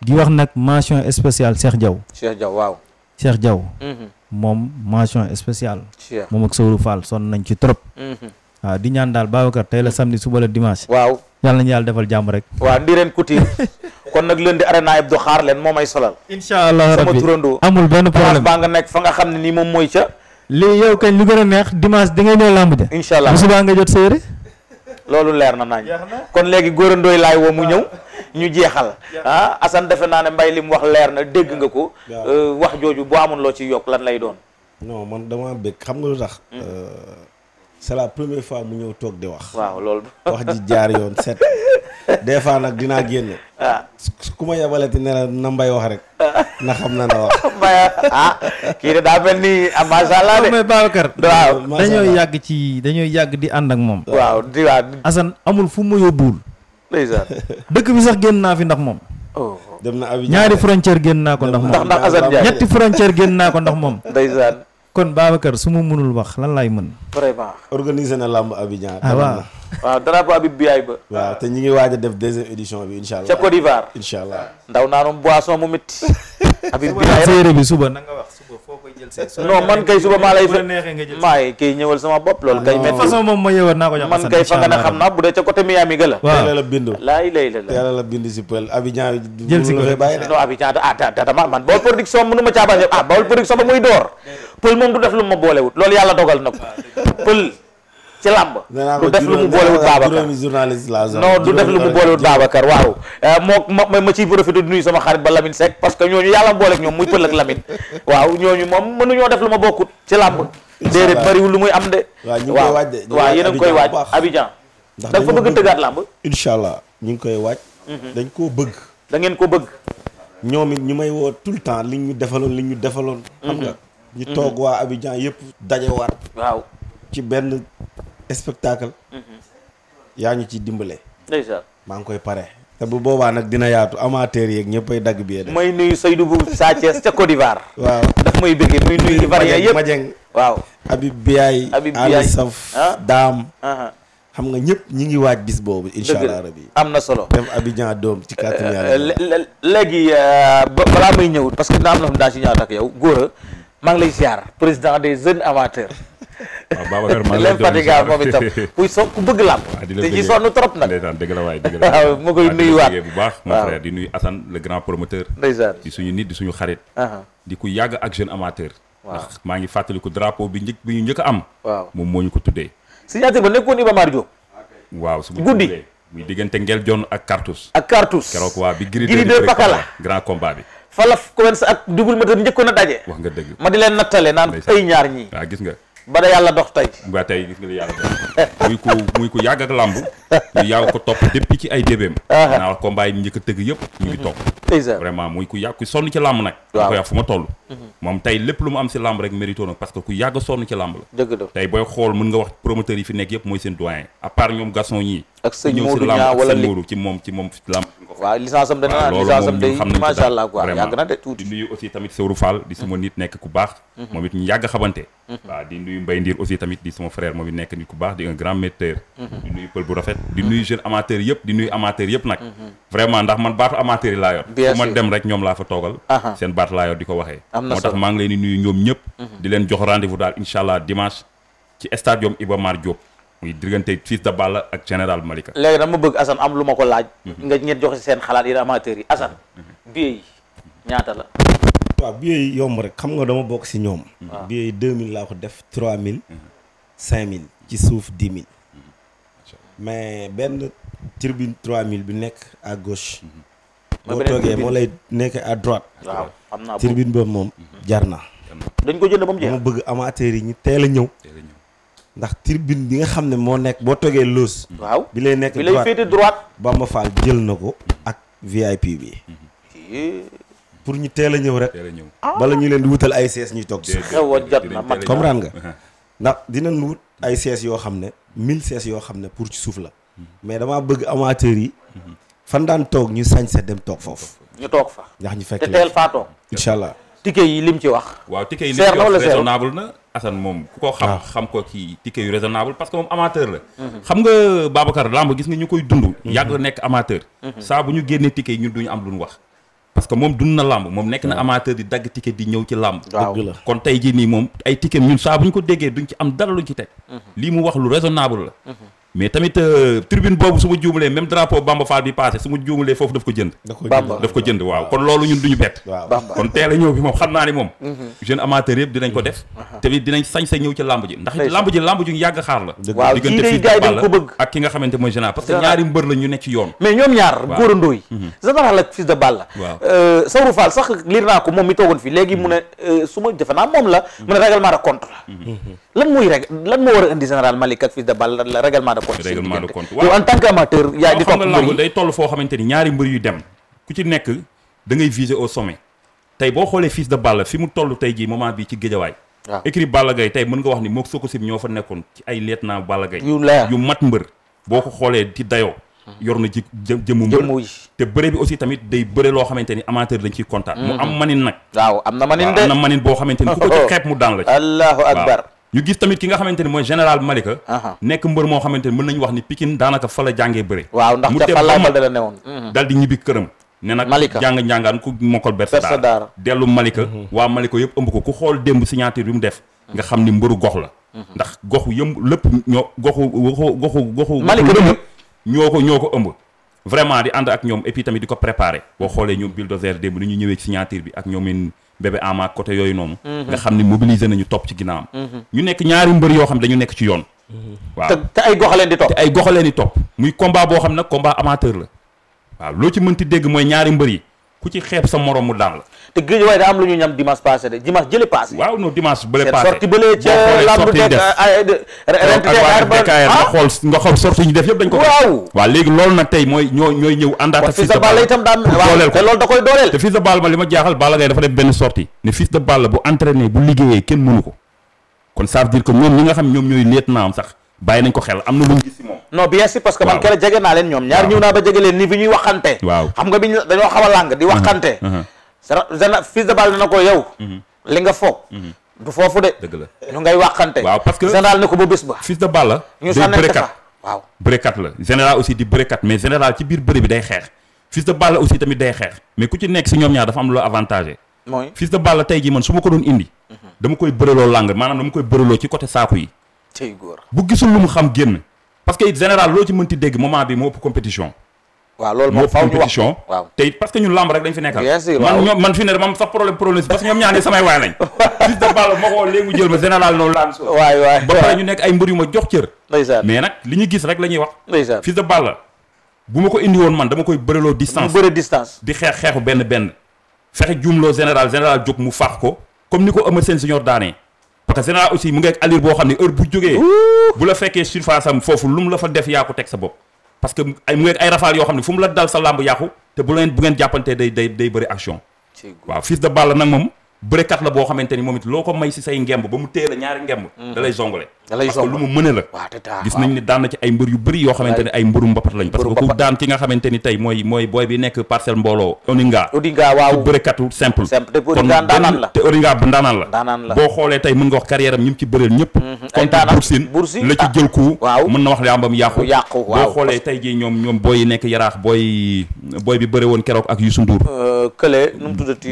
di wax nag mention spéciale Cheikh Diaw Cheikh Diaw waaw Cheikh Diaw mhm. moom mention spéciale moom ak Sowru Fall sonn nañ ci trop mhm. waaw di ñaan daal Babacar tey la samedi suba la dimanche. waaw yàlla nañu yàlla defal jàmm rek. waaw Ndiréne Couture kon nag lundi arena Abdou xaar leen moo may solal. incha allah rabbi sama turandoo amul benn problème baa nga nekk fa nga xam ne nii moom mooy ca. lii yow kañ lu gën a neex dimanche di ñëw làmb ja. bu subaa nga jot sa yére. loolu leer na nañ kon léegi góorandooy laay woo mu ñëw [LAUGHS] ñu jeexal ah defe naa ne mbay li mu wax leer na dégg nga ko. Euh, wax jooju boo amoon loo ci yokk lan lay doon. c'est la première fois mu ñëw toog di wax. waaw loolu. [LAUGHS] wax ji jaar yoon set. des fois nag dinaa génn. ah ku ma yabalati ne la na mbay wax rek. [LAUGHS] na xam na na wax. [LAUGHS] mbay ah kii de daa mel ni ah, macha allah de. dañoo yàgg ci dañoo yàgg di ànd ak moom. waaw di amul fu mu yóbbuwul. dëkk bi sax génn naa fi ndax moom. Oh. dem na Abidjan ñaari frontière génn naa ko ndax moom. ndax ndax Assane Ndiaye ñetti frontière génn naa ko ndax moom. ndeysaan. kon Babacar su ma mënul wax lan laay mën. vraiment. organiser na làmb Abidjan. ah waaw waaw drapeau Habib Biaye waaw te ñi ngi waaj a def deuxième édition bi incha allah. ca Côte d'Ivoire incha allah. ndaw naanum boisson mu mit. [LAUGHS] Habib [LAUGHS] Biaye séeréer bi suba man kay fa nga ne xam naa bu dee ca côté Miami ga la. waaw teel la lay la la teel la bindu si pël Abidjan. jël si ko non Abidjan ah dama man Baol production mënu ma caa ah, ba muy door pël moom du def lu ma boolewut loolu yàlla dogal na ko ah, pël ci làmb du def lu mu boolewut Babacar non du def lu mu boolewut Babacar waaw euh, moo ma ma ciy profité di nuyu sama xarit ba Lamine Seck parce que ñooñu yàlla booleeg ñoom muy pël ak Lamine waaw ñooñu moom mënuñoo def lu ma bokkut ci làmb déedéet bariwul lu muy am de waaw waaw yéen a ngi koy waaj Abidjan ndax dafa bëgg tëggaat làmb allah ñu ngi koy waaj mhm. dañ koo bëgg da ngeen ko bëgg ñoom it ñu may woo tout le temps li ñu defaloon li ñu defaloon am mhm. nga ñu toog mhm. waa Abidjan yëpp dajewaat. waaw ci benn spectacle. Mhm. yaa ñu ci dimbale. maa ngi koy pare. te bu boobaa nag dina yaatu amateur yeeg ñëppay dagg bi de. may nuyu Seydou bu Sa Thiès ca Côte d'Ivoire. waaw daf may bëggee muy nuyu Ivoirien yëpp Majeng waaw Habib Biaye. Habib Biaye Ali ah. Daam. Uh-huh. xam nga ñëpp ñi ngi waaj bis boobu. incha allah rabi am na solo. def Abidjan doom ci kàttan yàlla. Euh, léegi euh, balaa may ñëw parce que daa ci ñaata ak yow góor maa ngi lay ziar président des jeunes amateurs. waaw Babacar maa ngi lay doon moom itam kuy so ku bëgg làmb. te ci sonn trop nag. ndeysaan dëgg la waay dëgg la [LAUGHS] waaw ma bu baax mon frère di nuyu Assane le grand promoteur. ndeysaan di suñu nit di suñu xarit. di ku yàgg ak jeune amateur. waaw maa ngi fàttaliku drapeau bi njëkk bi ñu njëkk am. moom moo ñu ko tuddee. signature ba nekkoo Iba Mar Diop. waaw su ma guddi muy diggante Ngel John ak Cartouche. ak Cartouche keroog waa bi. Gris 2 Pakala grand combat bi. fa la Coense ak double moteur njëkkoon a daje. wax nga dëgg ma di leen nattale naan ay ñaar ñii. waaw gis nga. ba da yàlla dox tey. ba tey gis nga li yàlla dox muy ko yàgg ak làmb. ñu yàgg ko topp depuis ci ay débéem. Ah, ah. naa combat yi njëkk a tëgg yëpp. ñu ngi topp. toll. Mhm. moom tey lépp lu mu parce que ku yàgg sonn ci làmb la. dëgg booy xool mën nga wax promoteur yi fi nekk yëpp mooy seen doyen. à part ñoom Gaston ñii. ak sëñ Modou ñaa wala li ci moom ci moom lamb waaw licence am am day macha allah quoi yàgg na de aussi tamit Sëwru Fall di sama nit nekk ku baax mhm. moom it ñu yàgg xamante mhm. waaw di nuyu Mbaye Ndiir aussi tamit di sama frère moom it nekk ku baax di un grand metteur mhm. di nuyu pël bu rafet di nuyu jeune amateur yëpp di nuy amateur yëpp nag vraiment ndax man baatu amateur yi laa yor ma dem rek ñoom laa fa toogal seen baat laa di ko waxee moo tax maa ngi leen di nuyu ñoom ñëpp di leen jox rendez-vous daal incha allah dimanche ci stadium Iba Mar Diop muy diggante Fils de Balla ak général Malika. léegi dama bëgg Assane am lu ma ko laaj. Mhm. nga ñett jox si seen xalaat yi amateurs yi Assane. Mhm. Mhm. billet yi ñaata la. waaw billet yi yomb rek xam nga dama bokk si ñoom. waaw billet yi 2000 laa ko def 3000. 5000 ci suuf 10 000. mais benn tribune 3000 bi nekk à gauche. boo toogee moo lay nekk à droite. waaw xam naa moom jar na. dañ ko jënd ba mu jeex. dama bëgg amateurs yi ñu teel ñëw. ndax tirbine bi nga xam ne moo nekk boo togee loos. waaw bi lay nekk droite bi lay féete droite. Bamba Fall jël na ko ak VIP bi. pour ñu teel a ñëw rek. teel a ñëw ah. bala ñu leen di wutal ay sees ñuy toog. déedéet déedéet jot na mat comprendre nga. ndax dinañ wut ay sees yoo xam ne mille sees yoo xam ne pour ci suuf la. mais damaa bëgg amateurs yi. Mhm. fan daan toog ñu sañ sa dem toog foofu. ñu toog fa. ndax ñu fekk leen te allah. ticket yi lim ci wax. waaw ticket yi lim ci na Assane moom ku ko xam ah. xam ko ci ticket yu raisonnable parce que moom amateur la. Mhm. xam nga Babacar lamb gis nga ñu koy dund. Mhm. yàgg la nekk amateur. Mhm. saa bu ñu génnee ticket yi ñun duñu am lu wax. parce que moom dund na làmb moom nekk na amateur di dagg ticket di ñëw ci làmb kon tey jii nii moom ay ticket ñun saa bu ñu ko déggee duñ ci am dara luñ ci teg. lii mu wax lu raisonnable la. mais tamit euh, tribune boobu su ma juumalee même drapeau Bamba Fall bi passé su ma juumalee foofu daf ko jënd daf ko jënd waaw kon loolu ñun duñu bett kon teel a ñëw bi moom xam naa ne moom mhm. jeune yëpp dinañ ko def uh-huh. tamit dinañ sañse ñëw ci lamb ji ndax lamb ji lamb ji yàgg xaar la diggante fii dañ nga xamante mooy général parce que ñaari mbër la ñu nekk ci yoon mais ñoom ñaar góorandoo yi mhm. général ak fils de Balla waaw euh, Saourou Fall sax liir naa ko moom mi toogoon fii léegi mu ne mhm. euh, su ma defe naa moom la mu ne règlement de lan mooy rek lan moo war a indi général Malick ak fils de balle la règlement de compte règlement en tant que amateur yaa di toll foo xamante ñaari mbër yu dem ku ci nekk da ngay au sommet tey boo xoolee fils de balle fi mu toll tey jii moment bi ci géjawaay waaw écrit Balla Gaye tey mën nga wax ni mook Sokocim ñoo fa nekkoon ci ay lieutenant Balla Gaye yu mat mbër boo ko xoolee ci dayoo hmm. yor na ji jëmu mbër te bëre bi aussi tamit day bëre loo xamante ni amateur dañ ciy kontaan mu hmm. am manin na manin de am na manin boo xamante ni ku ko [LAUGHS] ñu gis tamit ki nga xamante ni mooy général Malika nekk mbër moo xamante ni mën nañu wax ni Pikine daanaka fa la jàngee bëre waaw ndax ca fa Laye Balde la newoon mhm. dal di ñibbi këram ne nag jàng njàngaan ku mokkal bersa daar dellu Malika mhm. waa Malika yëpp ëmb ko ku xool démb signature bi mu def nga xam ni mhm. mbëru gox la ndax gox yëmb lëpp ñoo goxu goxu goxu goxu Malika ñoo ko ñoo ko ëmb vraiment di ànd ak ñoom et puis tamit di ko préparé boo xoolee ñoom bulldozer démb ni ñu ñëwee signature bi ak ñoom bébé ama côté yooyu noonu mhm. nga xam ne mobiliser nañu topp ci ginnaawam mhm. ñu nekk ñaari mbër yoo xam dañu nekk ci yoon mhm. waaw te ay goxaleen di topp te ay goxaleen di topp muy combat boo xam nag combat amateur la waaw loo ci mënti dégg mooy ñaari mbër yi ku ci xeeb sa morom mu daan la. te géej waaye daa am lu ñu ñam dimanche passé de dimanche jële passé. waaw non dimanche bële passé sorti bële ah! xool nga xool sorti ñu def yëpp dañ ko waaw waaw léegi loolu nag tey mooy ñoo ñooy ñëw àndaat ak fils de Balla itam daan dooleel ko te loolu da ma li ma jaaxal Balla Gaye dafa def benn sorti ne fils de Balla bu entraîné bu liggéeyee kenn mënu ko kon ça veut dire que ñoom ñi nga xam ñoom ñooy lieutenant am sax bàyyi nañ ko xel am na lu ñu gis si moom non bien sûr parce que man keroog jege naa leen ñoom ñaar ñëw naa ba jege leen ni bi ñuy waxante waaw xam nga bi ñu dañoo xaw a làng di mhm. waxante mhm. sana de balle na ko yow mhm. li nga foog foofu de dëgg la ñu ngay waxante waaw parce que général ne ko ba bés ba fils de balle ñu sànnante fa waaw bërekat la général aussi di bërekat mais général ci biir bëre bi day xeex fils de balle aussi tamit day xeex mais ku ci nekk si ñoom ñaar dafa am loo avantage mooy fils de balle tey jii man su ma ko doon indi dama koy bëreloo làng maanaam dama koy bëreloo ci côté saaku yi tey góor bu gisul lu mu xam génn parce que it général loo ci mënti dégg moment bi moo ëpp compétition waaw loolu moom faaw ñu wax waaw te it parce que ñun lamb rek dañ fi nekkal man ñoom man fi ne man sax problème problème parce que ñoom ñaar ne samay waay lañ [LAUGHS] fils de balle ma ko léegi jël général noonu laan so ba pare ñu nekk ay mbër yu ma jox cër mais nag li ñu gis rek la ñuy wax ndeysaan de balle bu ma ko indi woon man dama koy bëreloo distance bëre distance di xeex xeexu benn benn fexe juumloo général général jóg mu faax ko comme ni ko Eumeu Sène Junior daanee parce que général aussi mu ngi ak allure boo xam ne heure bu jógee bu la fekkee surface am foofu lu mu la fa def yaa ko teg sa bopp parce que ay mu ngi ak ay rafaal yoo xam ne fu mu la dal sa làmb yàqu te bu leen bu ngeen jàppantee day day day bëri action waaw fils de balle nag moom bërekat la boo xamante ni moom it loo ko may si say ngemb ba mu téye la ñaari ngemb mm-hmm. da lay zongale da lay parce que lu mu mëne la gis nañ ni daan ci ay mbër yu bëri yoo xamante ne ay mbëru mbapat lañ parce mbooloo Odinga Odinga waaw simple te Odinga bu ndaanaan la boo xoolee tey mën nga wax carrière am ci bëreel ñëpp mhm. contre Boursine la ci ah. jël ko waaw na wax làmbam yàqu boo xoolee tey jii ñoom ñoom booy nekk yaraax booy booy bi bëre woon keroog ak Youssou Ndour euh,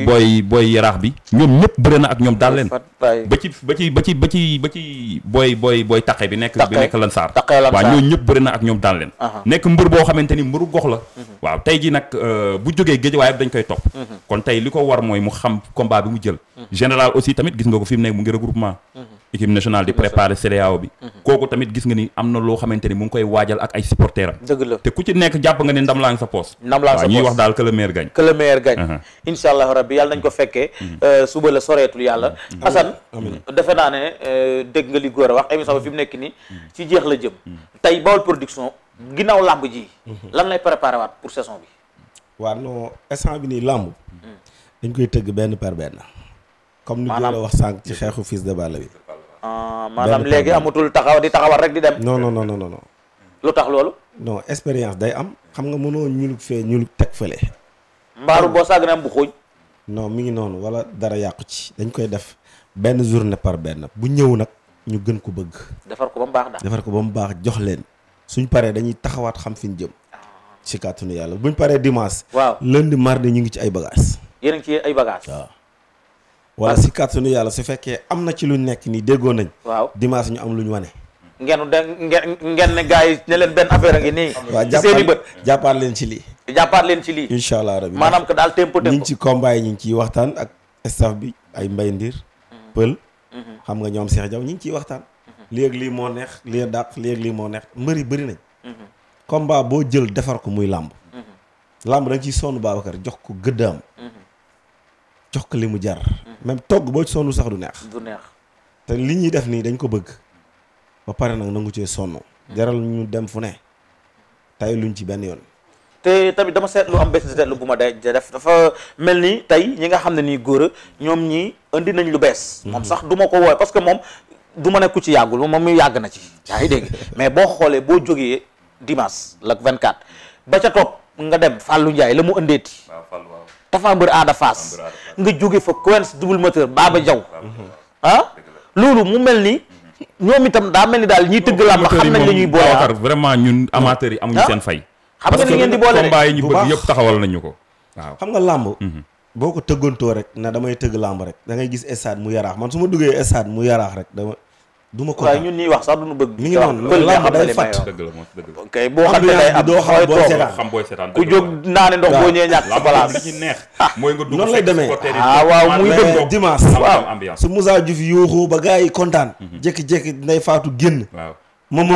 booy booy yaraax bi ñoom ñëpp bëre na ak ñoom daal leen ba ci ba ci ba ci ba ci ba ci booy booy booy taqe bi nekk bi nekk lan saar waaw ñooñu ñëpp bëri na ak ñoom daan leen nekk mbër boo xamante ni mbëru gox la mhm. waaw tey ji nag euh, bu jógee géej waaye dañ koy topp mhm. kon tey li ko war mooy mu xam combat bi mu jël mhm. général aussi tamit gis nga ko fi mu nekk mu ngi regroupement équipe nationale di préparer CEDEAO bi mhm. kooku tamit gis nga ni am na loo xamante ni mu ngi koy waajal ak ay supporteram dëgg la te ku ci nekk jàpp nga ni ndam laa ngi sa poos ndam laa ngi sa poos ñuy wax daal que le meilleur gagne que mhm. allah rabbi yàlla nañ ko fekkee mhm. euh, suba la soreetul yàlla Assane defe naa ne euh, dégg nga li góor wax émission bi fi mu nekk ni ci jeex la jëm tey Baol Production ginnaaw làmb ji lan lay préparer pour saison bi waa non instant bi nii làmb dañ koy tëgg benn par benn comme ni góor a wax sànq ci xeexu fils de Balla bi Ah, maanaam léegi amatul taxaw di taxawal rek di dem. non non non non non. lu tax loolu. non expérience day am. xam nga mënoo ñulug fee ñulug teg fële. mbaaru boo sàgg na am bu xuuj. non mi ngi noonu wala dara yàqu ci. dañ koy def benn journée par benn bu ñëw nag ñu gën ko bëgg. defar ko ba mu baax daal defar ko ba mu baax jox leen suñ paree dañuy taxawaat xam fi ñu jëm. Ah. ci kàttanu yàlla buñ paree dimanche. waaw lundi mardi ñu ngi ci ay bagages. yéen ci ay bagages wala si kàttanu yàlla su fekkee am na ci lu nekk nii déggoo nañ waaw dimanche ñu am lu ñu wane ngeen de ngeen ngeen ne gars yi ne leen benn affaire a ngi nii waaw jàppaat leen ci lii jàppaat leen ci lii incha allah rabbi maanaam que daal tempo tempo ñu ngi ci combat ciy waxtaan ak staff bi ay mbay ndir mhm. pël mhm. xam nga ñoom seex jaw ñu ngi ciy waxtaan mhm. léegi lii moo neex lii dàq léegi lii moo neex mbëri bëri nañ komba boo jël defar ko muy làmb làmb da nga ciy sonn Babacar jox ko gëddaam jox ko li mu jar. même togg boo ci sonn sax du neex. du neex te li ñuy def nii dañ ko bëgg. ba pare nag nangu cee sonn. jaral ñu dem fu ne. tay luñ ci benn yoon. te tamit dama seetlu am benn seetlu bu ma day def dafa mel ni tey ñi nga xam ne nii góor ñoom ñi indi nañ lu bees. moom sax du ko woowee parce que moom du ma ne ci yàggul ma mu yàgg na ci. yaa ngi dégg [LAUGHS] mais boo xoolee boo jógee dimanche la 24 ba ca topp nga dem Fallou njaay la mu ëndeeti. Tapha Mbeur Ada fas nga jóge fa Quench double moteur Baba Diaw ah loolu mu mel ni ñoom itam daa mel ni daal ñiy tëgg làmb xam nañ ñuy boole vraiment ñun ah? amateurs yi amuñu seen ah? fay xam nga ni ngeen di boole ñu bëgg yëpp taxawal nañu ko waaw xam nga làmb mhm. boo ko tëggantoo rek na damay tëgg làmb rek da ngay gis stade mu yaraax man su ma duggee stade mu yaraax rek dama duma ma ko waaye wax sax duñu bëgg. mi ngi noonu lamb day fàtt kay boo xam ne doo xam booy seetaan xam ku jóg naa ne ndox boo ñëwee ñàkk sa balance mooy nga dugg noonu lay demee ah, waaw muy dëgg dimanche waaw su Moussa Diouf yuuxu ba gars yi kontaan mhm. jékki-jékki nday faatu génn waaw mais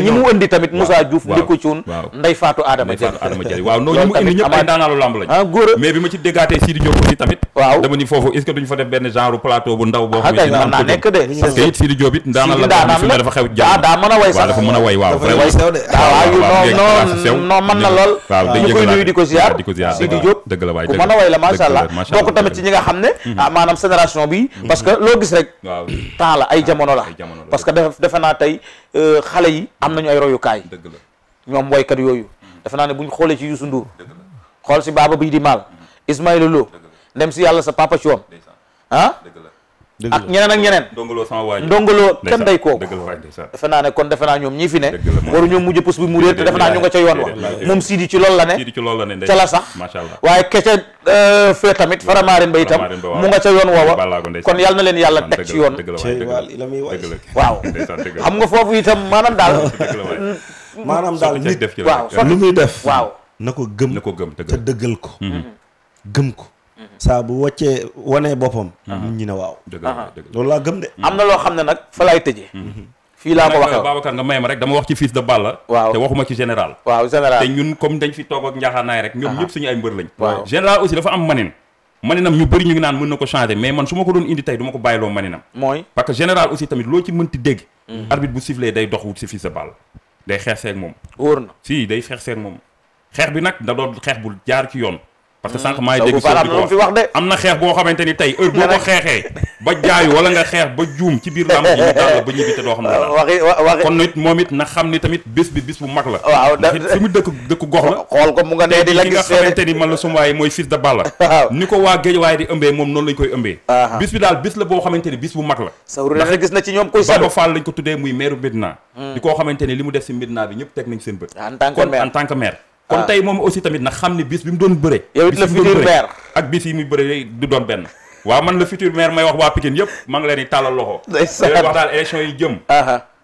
ñi mu indi tamit Moussa Diouf Ndickou Thioune Ndeye Fatou Adama Diagne waaw noonu ñi mu indi ñëpp ay daanaalu lamb lañ ah, mais bi ma ci déggaatee Sidi Diop aussi tamit waaw dama ni benn genre plateau bu ndaw boo ah, xam ne nekk de parce que it Sidi Diop it daanaan dafa xew jaa daa mën a way sax dafa mën a way waaw waaw non non na lool ñu koy nuyu di ko ziar Sidi Diop dëgg la waay ku mën a way la macha allah bokk tamit ci ñi nga xam ne ah maanaam génération bi mm-hmm. parce que loo gis rek temps la ay jamono la parce que def defe naa tey euh, xale yi am nañu ay royukaay ñoom waykat yooyu defe naa ne buñ xoolee ci Youssou Ndour xool si baaba bii di maal mm-hmm. Ismaïla Lo dem si yàlla sa papa ci woon ah ak ah, ñeneen ak ñeneen ndongoloo sama waay ndongoloo kenn day kooku defe naa ne kon defe naa ñoom ñii fi ne waru ñoom mujj pus bi mu réer te defe naa ñu nga ca yoon wa moom Sidi ci loolu la ne Sidi ca la sax waaye kece euh, fee tamit faramaaren ba itam mu nga ca yoon woowa kon yal na leen yàlla teg ci yoon waaw xam nga foofu itam maanaam daal [LAUGHS] maanaam daal nit waaw lu muy def waaw na ko na ko gëm te dëggal ko mm-hmm. gëm ko saa bu wàccee wanee boppam. nit ñi ne waaw. dëgg la loolu laa gëm de. am na loo xam ne nag fa laay tëjee. Mhm. fii laa ko waxee Babacar nga may rek dama wax ci fils de Balla. waaw te waxuma ci général. waaw général te ñun comme dañ fi toog ak njaaxaanaay rek. ñoom ñëpp suñu ay mbër lañ. waaw général aussi dafa am manin. maninam ñu bëri ñu ngi naan mën na ko changer mais man su ma ko doon indi tey du ma ko bàyyiloo maninam. mooy parce que général aussi tamit loo ci mënti dégg. Mhm. arbitre bu sifflé day dox wut si fils de Balla. day xeex seeg moom. wóor na si moom. xeex bi nag da doon xeex bu jaar ci yoon parce que hmm. sànq maa dégg soo fi wax de am na xeex boo xamante ni tey heure boo [LAUGHS] ko xeexee ba jaayu wala nga xeex ba juum ci biir làmb ji ñu la ba moom it na xam ni tamit bés bi bés bu mag la la xool ko mu nga nee di xamante ni man la [LAUGHS] waa géej waaye di ëmbee moom noonu lañ koy ëmbee bis bi daal bis la boo xamante ni bis bu mag la sawru na gis na ci ñoom koy Baba Fall lañ ko tuddee muy maire Médina hmm. di koo xamante ni li mu def si Médina bi ñëpp teg nañ seen bët en tant que kon ah. tey moom aussi tamit nag xam ni bis bi mu doon bëre. yow it la futur maire ak bis yi muy bëre du doon benn. waaw man la futur maire may wax waa Pikine yëpp maa ngi leen di tàllal loxo. day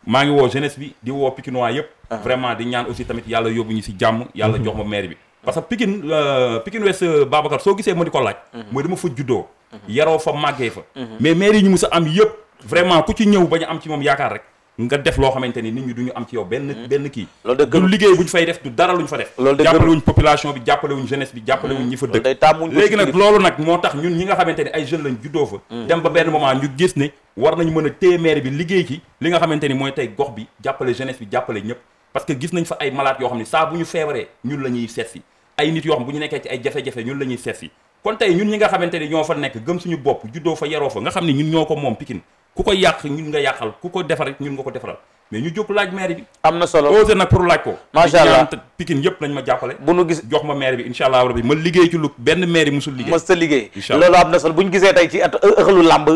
maa ngi woo jeunesse bi di woo Pikinois yëpp. vraiment di ñaan aussi tamit yàlla yóbbu ñu si jàmm. yàlla mhm. jox ma maire bi. parce que Pikine euh, Pikine West euh, Babacar soo gisee ma di ko laaj. Mhm. mooy dama fa juddoo. Mhm. yaroo fa màggee fa. mais maire yi ñu mus a am yëpp. vraiment ku ci ñëw ba ñu am ci moom yaakaar rek nga def loo xamante ni nit ñi du ñu am ci yow benn hmm. benn kii du liggéey bu ñu fay def du dara lu ñu fa def jàppale wuñ population bi jàppale wuñ jeunesse jàppale wuñ ñi fa hmm. dëkk léegi nag loolu nag moo tax ñun ñi nga xamante ni ay jeunes lañ juddoo fa hmm. dem ba benn moment ñu gis ne war nañ mën a téeméer bi liggéey ci li nga xamante ni mooy tey gox bi jàppale jeunesse bi jàppale ñëpp parce que gis nañ fa ay malade yoo xam ne saa bu ñu feebaree ñu la ñuy seet ay nit yoo xam bu ñu nekkee ci ay jafe-jafe ñun la ñuy seet kon tey ñun ñi nga xamante ni ñoo fa nekk gëm suñu bopp juddoo fa yaroo fa nga xam ne ñun ñoo ko moom Pikine ku ko yàq ñun nga yàqal ku ko defar ñun nga ko defaral mais ñu jóg laaj maire bi. am na solo osé nag pour laaj ko. macha allah Pikine yëpp nañ ma jàppale. bu nu gis jox ma maire bi incha allah rabi ma liggéey ci lu benn maire yi musul liggéey. mës ta liggéey loolu am na solo bu ñu gisee tey ci ëxalu làmb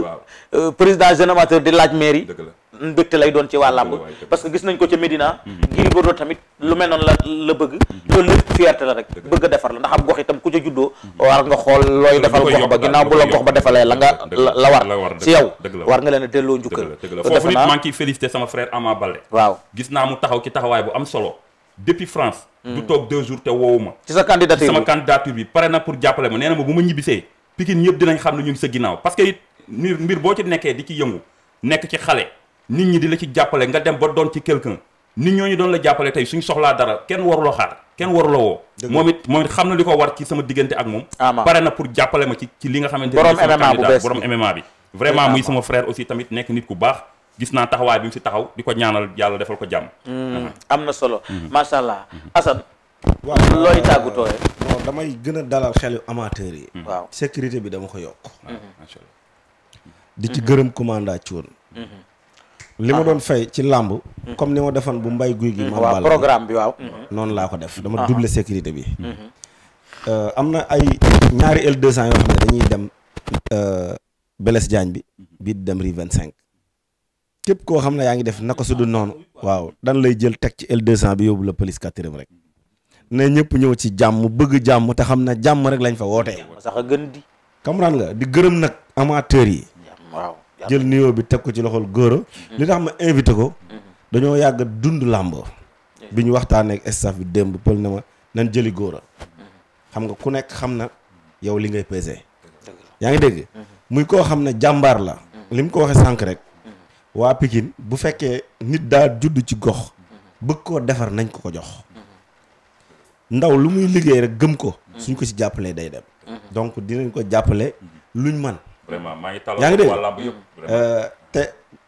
euh, président générateur di laaj maire mbégte lay doon ci waa làmb parce que gis nañ ko ca Medina. Mm-hmm. Gris Bordeaux tamit lu mel la bëgg. Mm-hmm. loolu lépp fierté la rek bëgg a defar la ndax am gox itam ku ca juddoo. Mm-hmm. war nga xool looy defal gox ba ginnaaw bu la gox ba defalee la nga la war ci yow war nga leen a delloo njukkal. foofu nit maa ngi félicité sama frère Ama Baldé. waaw gis naa mu taxaw ci taxawaay bu am solo. depuis France. Mm. du toog deux jours te woowu ma. ci sa candidature bi pare na pour jàppale ma nee na ma bu ma ñibbisee. Pikine ñëpp dinañ xam ne boo ci nekkee di ci yëngu nekk ci xale nit ñi di la ci jàppale nga dem ba doon ci quelqu'un nit ñooñu doon la jàppale tey suñ soxlaa dara kenn waruloo xaar kenn waruloo woo moom it moom it xam na li ko war ci sama diggante ak moom pare na pour jàppale ma ci ci li nga xamante ne borom MMA bi vraiment muy sama frère aussi tamit nekk nit ku baax gis naa taxawaay bi mu si taxaw di ko ñaanal yàlla defal ko jàmm hmm. am na solo hmm. macha allah hmm. Assane waaw looy tàggutoo non damay gën a dalal xelu amateur yi waaw sécurité bi dama ko yokk di ci gërëm commanda Thion li ma ah. doon fay ci làmb mm. comme ni ma defoon bu mbay guy gi mm. ma waaw mm-hmm. noonu laa ko def mm-hmm. dama ah. double sécurité bi mm-hmm. euh, am na ay ñaari L200 yoo xam ne dañuy dem euh, Blaise Diagne bi bii di dem Rue 25 képp koo xam ne yaa ngi def na ko dul noonu waaw dan lay jël teg ci L200 bi yóbbu la police quatrième rek ne ñëpp ñëw ci jàmm bëgg jàmm te xam na jàmm rek lañ fa wootee sax a gën di comprendre nga di gërëm nag amateurs yi waaw jël nuyoo bi teg ko ci loxool góora mm-hmm. li tax ma invité ko mm-hmm. dañoo yàgg dund làmb bi ñu waxtaanee ak bi démb pël na ma nan jëli góora mm-hmm. xam nga ku nekk xam na yow li ngay pesé yaa ngi dégg muy koo xam ne jàmbaar la li mu ko waxee sànq rek waa Pikine bu fekkee nit daa judd ci gox bëgg koo defar nañ ko ko jox ndaw lu muy liggéey rek gëm ko suñ ko ci jàppalee day dem donc dinañ ko jàppale luñ man vraiment maa ngi talal yaa ngi dégg làmb yëpp euh, te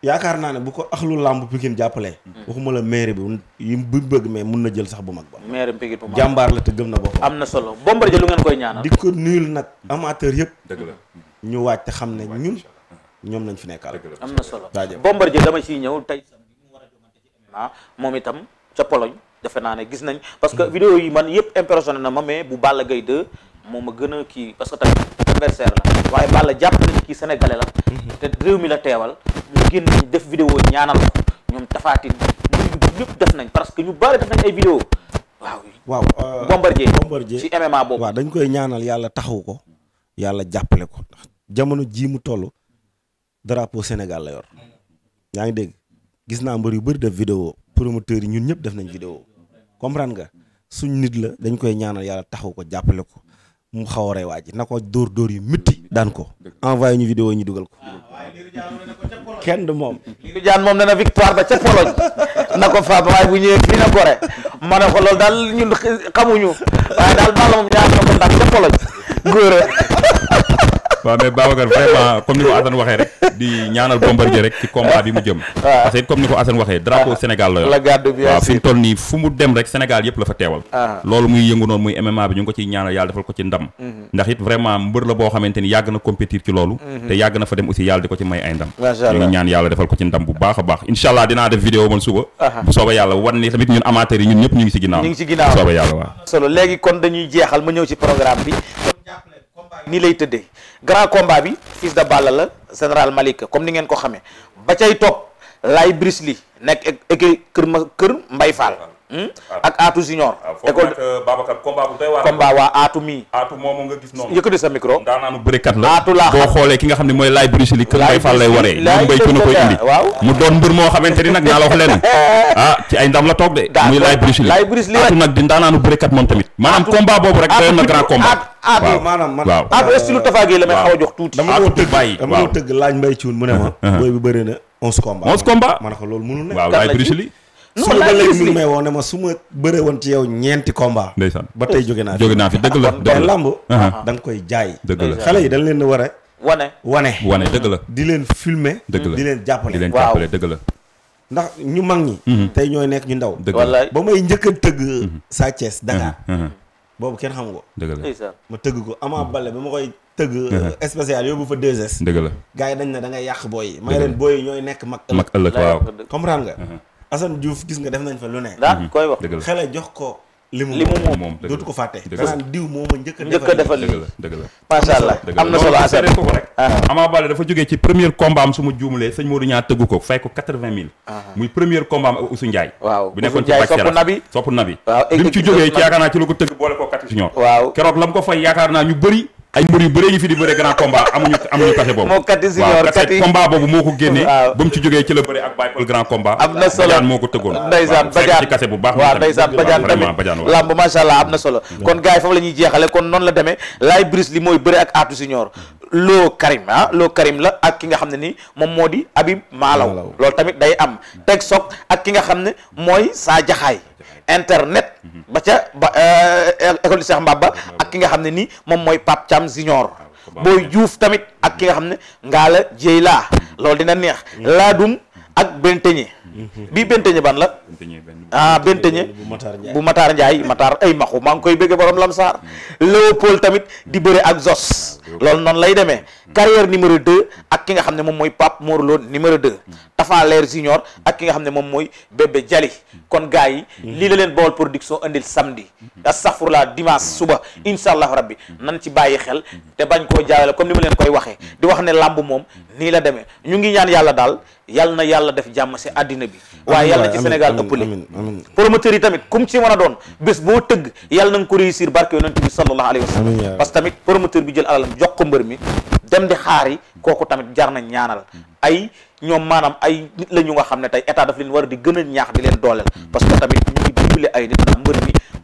yaakaar naa ne bu ko axlu làmb Pikine jàppalee mm-hmm. waxuma la maire bi yi bu bëgg mais mun na jël sax bu mag ba maire Pikine bu mag jàmbaar la te gëm na boppam am na solo Bombardier lu ngeen koy ñaanal di ko mm-hmm. yëpp dëgg la ñu waaj xam ne ñun mm-hmm. ñoom lañ fi nekkal am na solo Bombardier dama ciy ñëw tey samedi mu war a jongante moom itam ca Pologne defe naa ne gis nañ parce que vidéo yi man yëpp impressionné na ma mais bu Balla Gaye moom a gën a kii parce que tamit adversaire la waaye Balla jàpp nañ kii sénégalais la mhm. te réew mi la teewal ñu génn nañ def vidéo ñaanal ko ñoom tafaatin def nañ parce que ñu bari def nañ ay vidéo waaw waaw euh, bombardier ci MMA boobu waaw dañ koy ñaanal yàlla taxawu ko yàlla jàppale ko ndax jamono jii mu toll drapo Sénégal la yor yaa ngi dégg gis naa mbër yu bëri def vidéo promoteurs yi ñun ñëpp def nañ vidéo comprendre nga suñu nit la dañ koy ñaanal yàlla taxawu ko jàppale ko mu xaw a rey waa ji na ko dóor dóor yu métti daan ko envoyé ñu vidéo ñu dugal ko kenn du moom Lirou Diane moom na victoire ba ca Pologne na ko fa waaye bu ñëwee fii na gore ma ne daal xamuñu waaye daal Balla moom ñaar na ko ndax ca Pologne góor waaw mais Babacar comme ni ko Assane waxee rek di ñaanal Bombardier rek ci combat bi mu jëm. Ah. parce que comme ni ko Assane waxee drapeau ah. Sénégal la la gàddu fi toll nii fu mu dem rek Sénégal yëpp la fa teewal. Ah. loolu muy yëngu muy MMA bi ñu ngi ko ciy ñaanal yàlla defal ko ci ndam. Mhm. ndax it mbër la boo xamante yàgg na compétir ci loolu. Mhm. te yàgg na fa dem aussi yàlla di ko ci may ay ndam. ñu ñaan yàlla defal ko ci ndam bu baax a baax incha dinaa nii lay tëddee grand combat bi fils de Balla la général Malick comme ni ngeen ko xamee ba cay topp Laye Brisli nekk kër ma kër Mbay Fall Hmm? Ah. ak Aatu Junior. Ah, école euh, Babacar combat bu doy waar. combat waa Aatu mii. yëkkati sa micro. la. Aatu laa boo xoolee ki nga xam ne mooy Laye Bruce Lee. Laye Bruce Lee Laye Bruce Lee koy indi. mu doon mbër moo xamante ni nag naa la wax leen [LAUGHS] ah ci ay ndam la toog de. muy Laye Bruce Aatu nag di daanaanu bërikat moom tamit. maanaam combat boobu rek doyoon na grand combat. Aatu maanaam man Aatu la may xaw jox tuuti. dama doon tëgg dama doon tëgg laaj mbay cuun mu ne ma. Uh-huh. booy bi bëri na onze combat onze combat ma ne ko loolu non may woo ne ma su ma bëree ci yow ñeenti combat ndeysaan ba tey jóge naa fi naa fi dëgg la dëgg la danga koy jaay dëgg la xale yi dañ leen war a wane wane wane dëgg la di leen filme dëgg la di leen jàppale di leen jàppale dëgg la ndax ñu mag ñi mhm. tey ñooy nekk ñu ndaw dëgg la ba may njëkk a tëgg mhm. Sa Dakar mhm. boobu kenn xam ko dëgg la ma tëgg ko amaa Baldé ba ma koy tëgg euh, spécial yóbbu fa 2S dëgg la gaa yi dañ ne da ngay yàq booy yi ma leen booy ñooy nekk mag ëllëg mag ëllëg nga Assane Diouf gis nga def nañ fa lu ne. daan mhm. koy wax xale jox ko. li mu moom moom ko fàtte. dëgg diw moom a defal njëkk a defal dëgg la dëgg la. macha allah am na solo Assane ah. ko fay ko quatre-vingt mille. Ah. muy premier combat am ak waaw bu nekkoon ci sopp nabi sopp nabi. waaw ci jógee ci yaakaar naa ci la ko tëgg boole ko quatre millions. waaw keroog la ko fay yaakaar naa ñu bëri ay mbër yu bëree ngi fi di bëre grand combat amuñu amuñu kase boobu moo kati senior kati combat boobu moo ko génnee ba mu ci jógee ci la bëre ak Baye Paul grand combat am na solo Badiane moo allah am na solo hmm. kon gars yi foofu jeexale kon noonu la demee laay brise li mooy bëre ak aatu senior loo Karim ah, loo Karim la ak ki nga xam ne ni moom moo di Habib Malaw lool tamit day am teg soog ak ki nga xam ne mooy saa jaxaay internet. ba ca ba eh, école du Cheikh Mbaba ak ki nga xam ne nii moom mooy Pape Thiam Junior ah, booy Juuf tamit ak ki nga xam ne Ngaala Jéy laa loolu dina neex laa laadum ak benteñe bii benteñe ban la ah benteñe bu mataar Ndiaye Matar ay maxu maa ngi koy bëgg borom Lamsaar Léopold tamit di bëre ak Zos ah, loolu noonu lay demee carrière numéro 2 ak ki nga xam ne moom mooy Pape Morlo numéro 2 Tapha Leer Junior ak ki nga xam ne moom mooy Bébé Jali kon gars yi lii la leen Baol Production indil samedi astaghfirullah dimanche suba insha allahu rabbi nan ci bàyyi xel te bañ koo jaawale comme ni ma leen koy waxee di wax ne làmb moom nii la demee ñu ngi ñaan yàlla daal yàlla na yàlla def jàmm si àddina bi waaye yàlla na ci Sénégal ëppale promoteur yi tamit comme ci mën a doon bés boo tëgg yàlla na nga ko réussir barke yonent bi sallallahu alayhi wa sallam parce que tamit promoteur bi jël ko mbër mi dem di kooku tamit jar na ñaanal ay ñoom maanaam ay nit la ñu nga xam ne tey état daf leen war a di gën ñaax di leen dooleel parce que tamit ñu ngi dimbali ay nit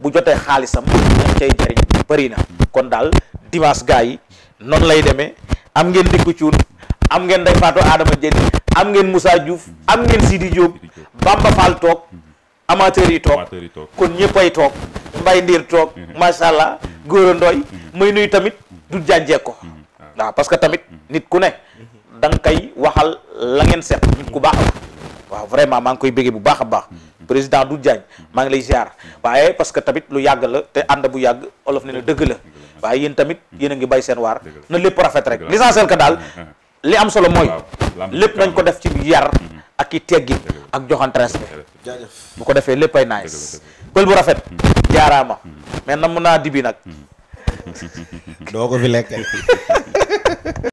bu jotee xaalisam ñoom bëri na kon daal dimanche gars yi noonu lay demee am ngeen dikku cuun am ngeen day faatu Adama Dieng am ngeen Moussa Diouf am ngeen Sidi Diop Bamba Fall toog amateurs yi toog kon ñëpp ay toog Mbaye Ndiir toog mhm. macha allah góor a mhm. may nuyu tamit du jànjee ko mhm. parce que tamit nit ku ne da nga koy waxal la ngeen seet nit ku baax waaw vraiment maa ngi koy bëggee bu baax a baax mm-hmm. président du Diagne maa ngi lay ziar mm-hmm. waaye parce que tamit lu yàgg la te ànd bu yàgg olof ne na dëgg la waaye yéen tamit yéen a ngi bay seen waar na lépp rafet rek l'essentiel que daal mm-hmm. li am solo mooy lépp nañ ko def ci yar ak i teggin ak joxante respect bu ko defee lépp ay nice pël bu rafet jaaraama mais na mun naa dibi nag [LAUGHS] doo ko fi lekk [LAUGHS]